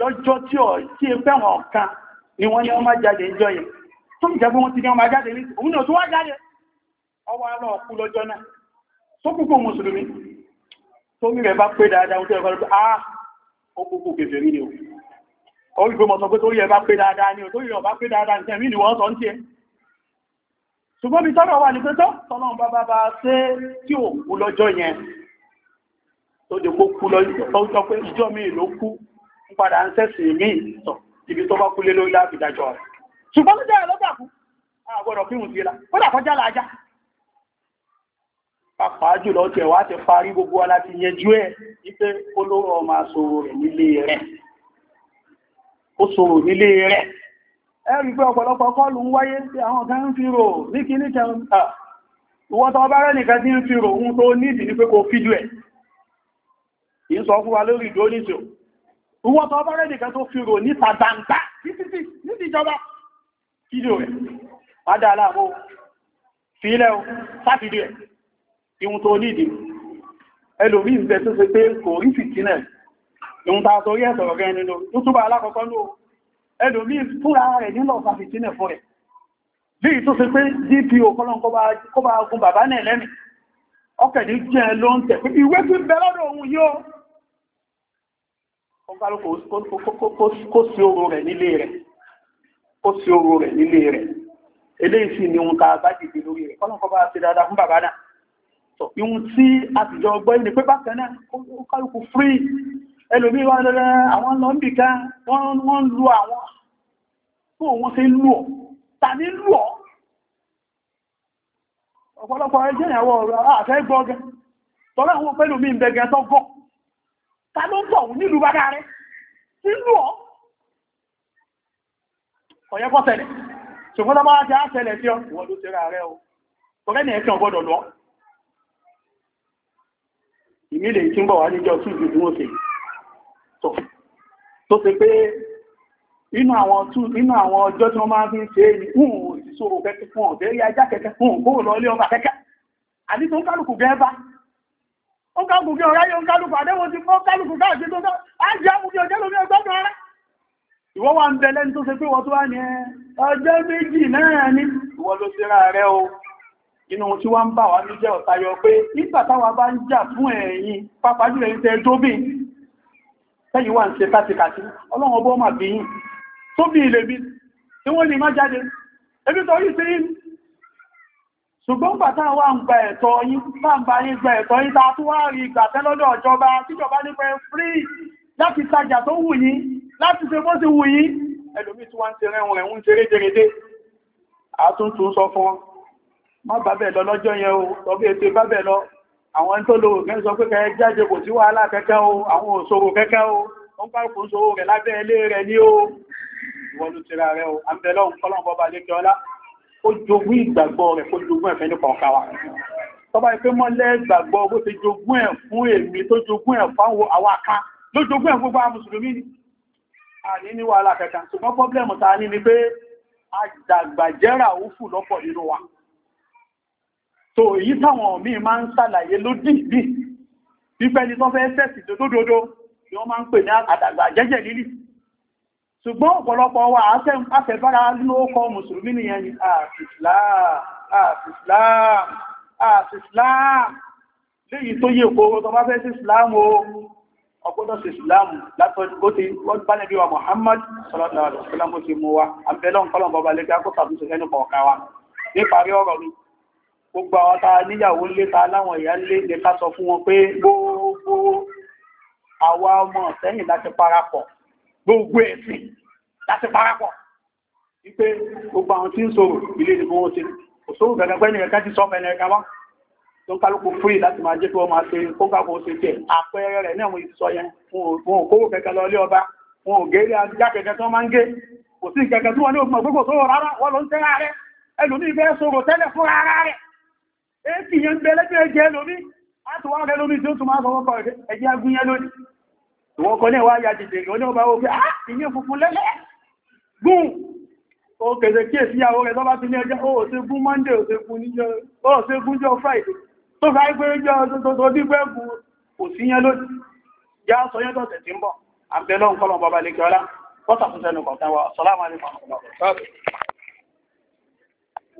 lọ́jọ́ tí ọ̀ tí ń fẹ́ràn kan ni wọ́n ní wọ́n má jáde ìjọ yẹn tó ń jẹ́ bí wọ́n ti ní ọmọ jáde ní òun náà tó wá jáde ọwọ́ alọ́ ọ̀kú lọ́jọ́ náà tó kúkú mùsùlùmí tó ní rẹ̀ bá pé dáadáa tó ẹ̀kọ́ lọ́pẹ́ ah ó kúkú kèfè rí ni o ó rí pé mọ̀ sọ pé tó rí ẹ̀ bá pé dáadáa ni o tó rí ọ̀ bá pé dáadáa nìkan mí ni wọ́n sọ ń tiẹ̀ ṣùgbọ́n mi tọ́rọ wà ní pé tó tọ́lọ́run bá bá bá ṣe tí ò kú lọ́jọ́ yẹn tó dé kó kú lọ́jọ́ pé ìjọ mi ló kú padà ń sẹ́sì mí sọ ibi tó bá kúlé lórí láàbìdájọ́ rẹ̀ ṣùgbọ́n ló jẹ́ lọ́gbà fún àgbọ̀dọ̀ kí wùn sí la ó dà kọjá làájá pàpàá jùlọ tẹ̀ wá ti parí gbogbo wa láti yẹjú ẹ̀ wípé olóró ọmọ asòrò rẹ̀ nílé rẹ̀ ó sòrò nílé rẹ̀ ẹ rí pé ọ̀pọ̀lọpọ̀ kọlù ń wáyé tí àwọn kan ń fi rò ní kí ní kan ìwọ́tọ̀ bá rẹ̀ nìkan tí ń fi rò ohun tó nídìí ní pé kò fídíò ẹ̀ ń sọ fún wa lórí ìdóníṣò Ìwọ́n tó bá rẹ̀ nìkan tó fi rò níta gbangba títí níbi ìjọba. Fídíò rẹ̀, wádà aláàbò, fílẹ̀ o, sáfídíò ẹ̀, ìhun tó nídi. Ẹlòmí ń bẹ tó ṣe pé kò rí fìtínẹ̀. Ìhun ta torí ẹ̀ sọ̀rọ̀ gẹ́ni ló, ló túbà alákọ̀ọ́kọ́ ló. Ẹlòmí fúra rẹ̀ nílọ̀ sáfìtínẹ̀ fún rẹ̀. Bí i tó ṣe pé DPO kọ́lọ́n kọ́ bá gun bàbá náà lẹ́mìí. Ọkẹ̀ ní jẹ́ ló ń tẹ̀ pé ìwé fi bẹ lọ́dọ̀ òun yóò kó sí oró rẹ̀ nílé rẹ̀ kó sí oró rẹ̀ nílé rẹ̀ eléyìí sì ni ohun tá a bá dìde lórí rẹ̀ kọ́lọ́kọ́ bá ṣe dáadáa fún bàbá náà ìhun tí a ti jọ gbọ́ ilé pé bákan náà ó kálukú free ẹlòmí wá lọ́rẹ́ àwọn lọ ń bì ká wọ́n lú àwọn tó wọ́n ṣe lú ọ̀ tàbí lú ọ̀ ọ̀pọ̀lọpọ̀ ẹjẹ́ ìyàwó ọ̀rọ̀ àfẹ́ gbọ́gẹ́ tọ́lá àwọn pẹ́lú mi ń bẹ̀gẹ́ tọ́gọ́ ta ló ń tọ̀ òun nílùú bàbá rẹ̀ nínú ọ̀ ọ̀yẹ́ kọ́ ṣẹlẹ̀ ṣùgbọ́n tó máa jẹ́ àṣẹlẹ̀ tí wọ́n ló tẹ́ra rẹ̀ o ọ̀rẹ́ ni ẹ̀kẹ́ ọgbọ́dọ̀ lọ ìmílẹ̀ ìtúnbọ̀ wà níjọ túùsì tí wọ́n ṣe tó ṣe pé inú àwọn ọjọ́ tí wọ́n máa fi ń ṣe ní hùn òṣìṣòro kẹ́kẹ́ fún ọ̀bẹ́rí ajá kẹ́kẹ́ fún ògbóòlọ́lé ọba kẹ́kẹ́ àti tó ń kálùkù gẹ́ẹ́bá ó kálukú kí ọ̀rá yóò kálukú àdéhùn ti fọ́ kálukú káàkiri tó tọ́ ájá mú kí ọjọ́ lómi ẹgbẹ́gbẹ́ rárá wà ń bẹ lẹ́ni tó ṣe pé wọ́n tó wá ní ọjọ́ méjì náà ní ìwọ ló ṣe ra rẹ o inú tí wọ́n ń bà ní jẹ́ ọ̀tá yọ pé nígbà táwa bá ń jà fún ẹ̀yin pàápàá jùlọ ẹ̀yin tẹ́ tóbi tẹ́yìn wà ń ṣe kátikàtí ọlọ́run ọbọ̀ mà bí yín tóbi ilé bí tí wọ́n lè má jáde ebi tó yìí sí ṣùgbọ́n gbàtà wà ń gba ẹ̀tọ́ yín sáàmbà yín gba ẹ̀tọ́ yín ta tó wá rí ìgbàtẹ́ lọ́dọ̀ ọjọba tíjọba nípa free láti tajà tó wù yín láti ṣe bó ti wù yín ẹlòmí tí wọ́n ń tẹ̀rẹ̀ wọn ẹ̀hún ṣeré jẹrẹdé àtúntún sọ fún má bàbẹ̀ lọ lọ́jọ́ yẹn o sọ bí ètò bàbẹ̀ lọ àwọn tó lo òkè sọ pé kẹ jáde kò sí wàhálà kẹ́kẹ́ o àwọn òṣòro kẹ́kẹ́ o ó ń kárùkù ń ṣòro rẹ̀ lábẹ́ ilé rẹ̀ ní o ìwọ̀n ló tẹ̀ra rẹ̀ o àbẹ̀lọ́ ń kọ́lọ́ ó jogún ìgbàgbọ́ rẹ̀ kó jogún ẹ̀fẹ́ nípa ọ̀ká wa tọba ìpé mọ́lẹ̀ ìgbàgbọ́ bó ti jogún ẹ̀ fún èmi tó jogún ẹ̀ fáwọn àwọn aká ló jogún ẹ̀ gbogbo àwọn mùsùlùmí ni àní ní wàhálà kẹta ṣùgbọ́n pọ́blẹ́mù ta ní ni pé àdàgbàjẹ́rà ó fù lọ́pọ̀ nínú wa so èyí táwọn míì máa ń ṣàlàyé lódì bí pípẹ́ni tó fẹ́ sẹ́sì tó dódódó ni wọ́n máa ń pè ní àdàgbàjẹ́jẹ́ lílì ṣùgbọ́n ọ̀pọ̀lọpọ̀ wa àfẹ́bára lóókọ mùsùlùmí nìyẹn ni àfìsìláàmù léyìí tó yí òkòrò tó bá fẹ́ sí ìsìláàmù ọgbọ́dọ̀ sí ìsìláàmù látọ́jú tí wọ́n bá nẹ́bí Muhammad sallallahu alaihi wasallam ti mú wa àbẹ́lọ́n kọ́lọ̀ bọ́ba lẹ́gbẹ́ akọ́sàtúnṣe ẹnu kọ̀ọ̀ká wa níparí ọ̀rọ̀ mi gbogbo àwọn ta níyàwó lé ta láwọn ìyá lé lè ká sọ fún wọn pé gbogbo àwa ọmọ sẹ́yìn láti parapọ̀ gbogbo ẹ̀sìn láti parapọ̀ wípé gbogbo àwọn tí ń sọ̀rọ̀ ilé ìdìbò wọn ti òṣòwò gẹ̀gẹ̀gbẹ́ ní ẹ̀ká ti sọ fẹ́ni ẹ̀ká wá tó ń kálùkù fúrì láti máa jẹ́ kí wọ́n máa ṣe kókàkó a tẹ̀ àpẹẹrẹ rẹ̀ náà mo ti sọ yẹn wọn ò kówó kẹ̀kẹ́ lọ ilé ọba wọn ò gé ilé ajá kẹ̀kẹ́ tí wọ́n máa ń gé kò sí kẹ̀kẹ́ tí wọ́n ní òpin gbogbo sọ̀rọ̀ rárá wọ́n ló ń tẹ́ra rẹ̀ ẹlòmíì fẹ́ sọ̀rọ̀ tẹ́lẹ̀ fún rárá rẹ̀ èsì yẹn ń bẹ lẹ́gbẹ̀ẹ́ jẹ́ lómi láti wá rẹ̀ lómi tí ó tún máa sọ wọ́pọ̀ ẹ̀jẹ̀ agúnyẹ́ lónìí ìwọ́n kọ́ ní wá ya jìdè ìwọ́n ní ọba ó fẹ́ ah ìní funfun lẹ́lẹ́ gún o kẹsẹ̀ kí èsì ìyàwó rẹ̀ lọ́bá ti ní ọjọ́ ó ṣe gún monday ó ṣe gún níjọ́ ó ṣe gún jọ friday tó fà pé jọ tó bí gbẹ́gù kò sí yẹn lónìí já sọ yẹn tọ̀sẹ̀ tí ń bọ̀ àbẹ̀lọ́ nǹkan ọmọ bàbá lè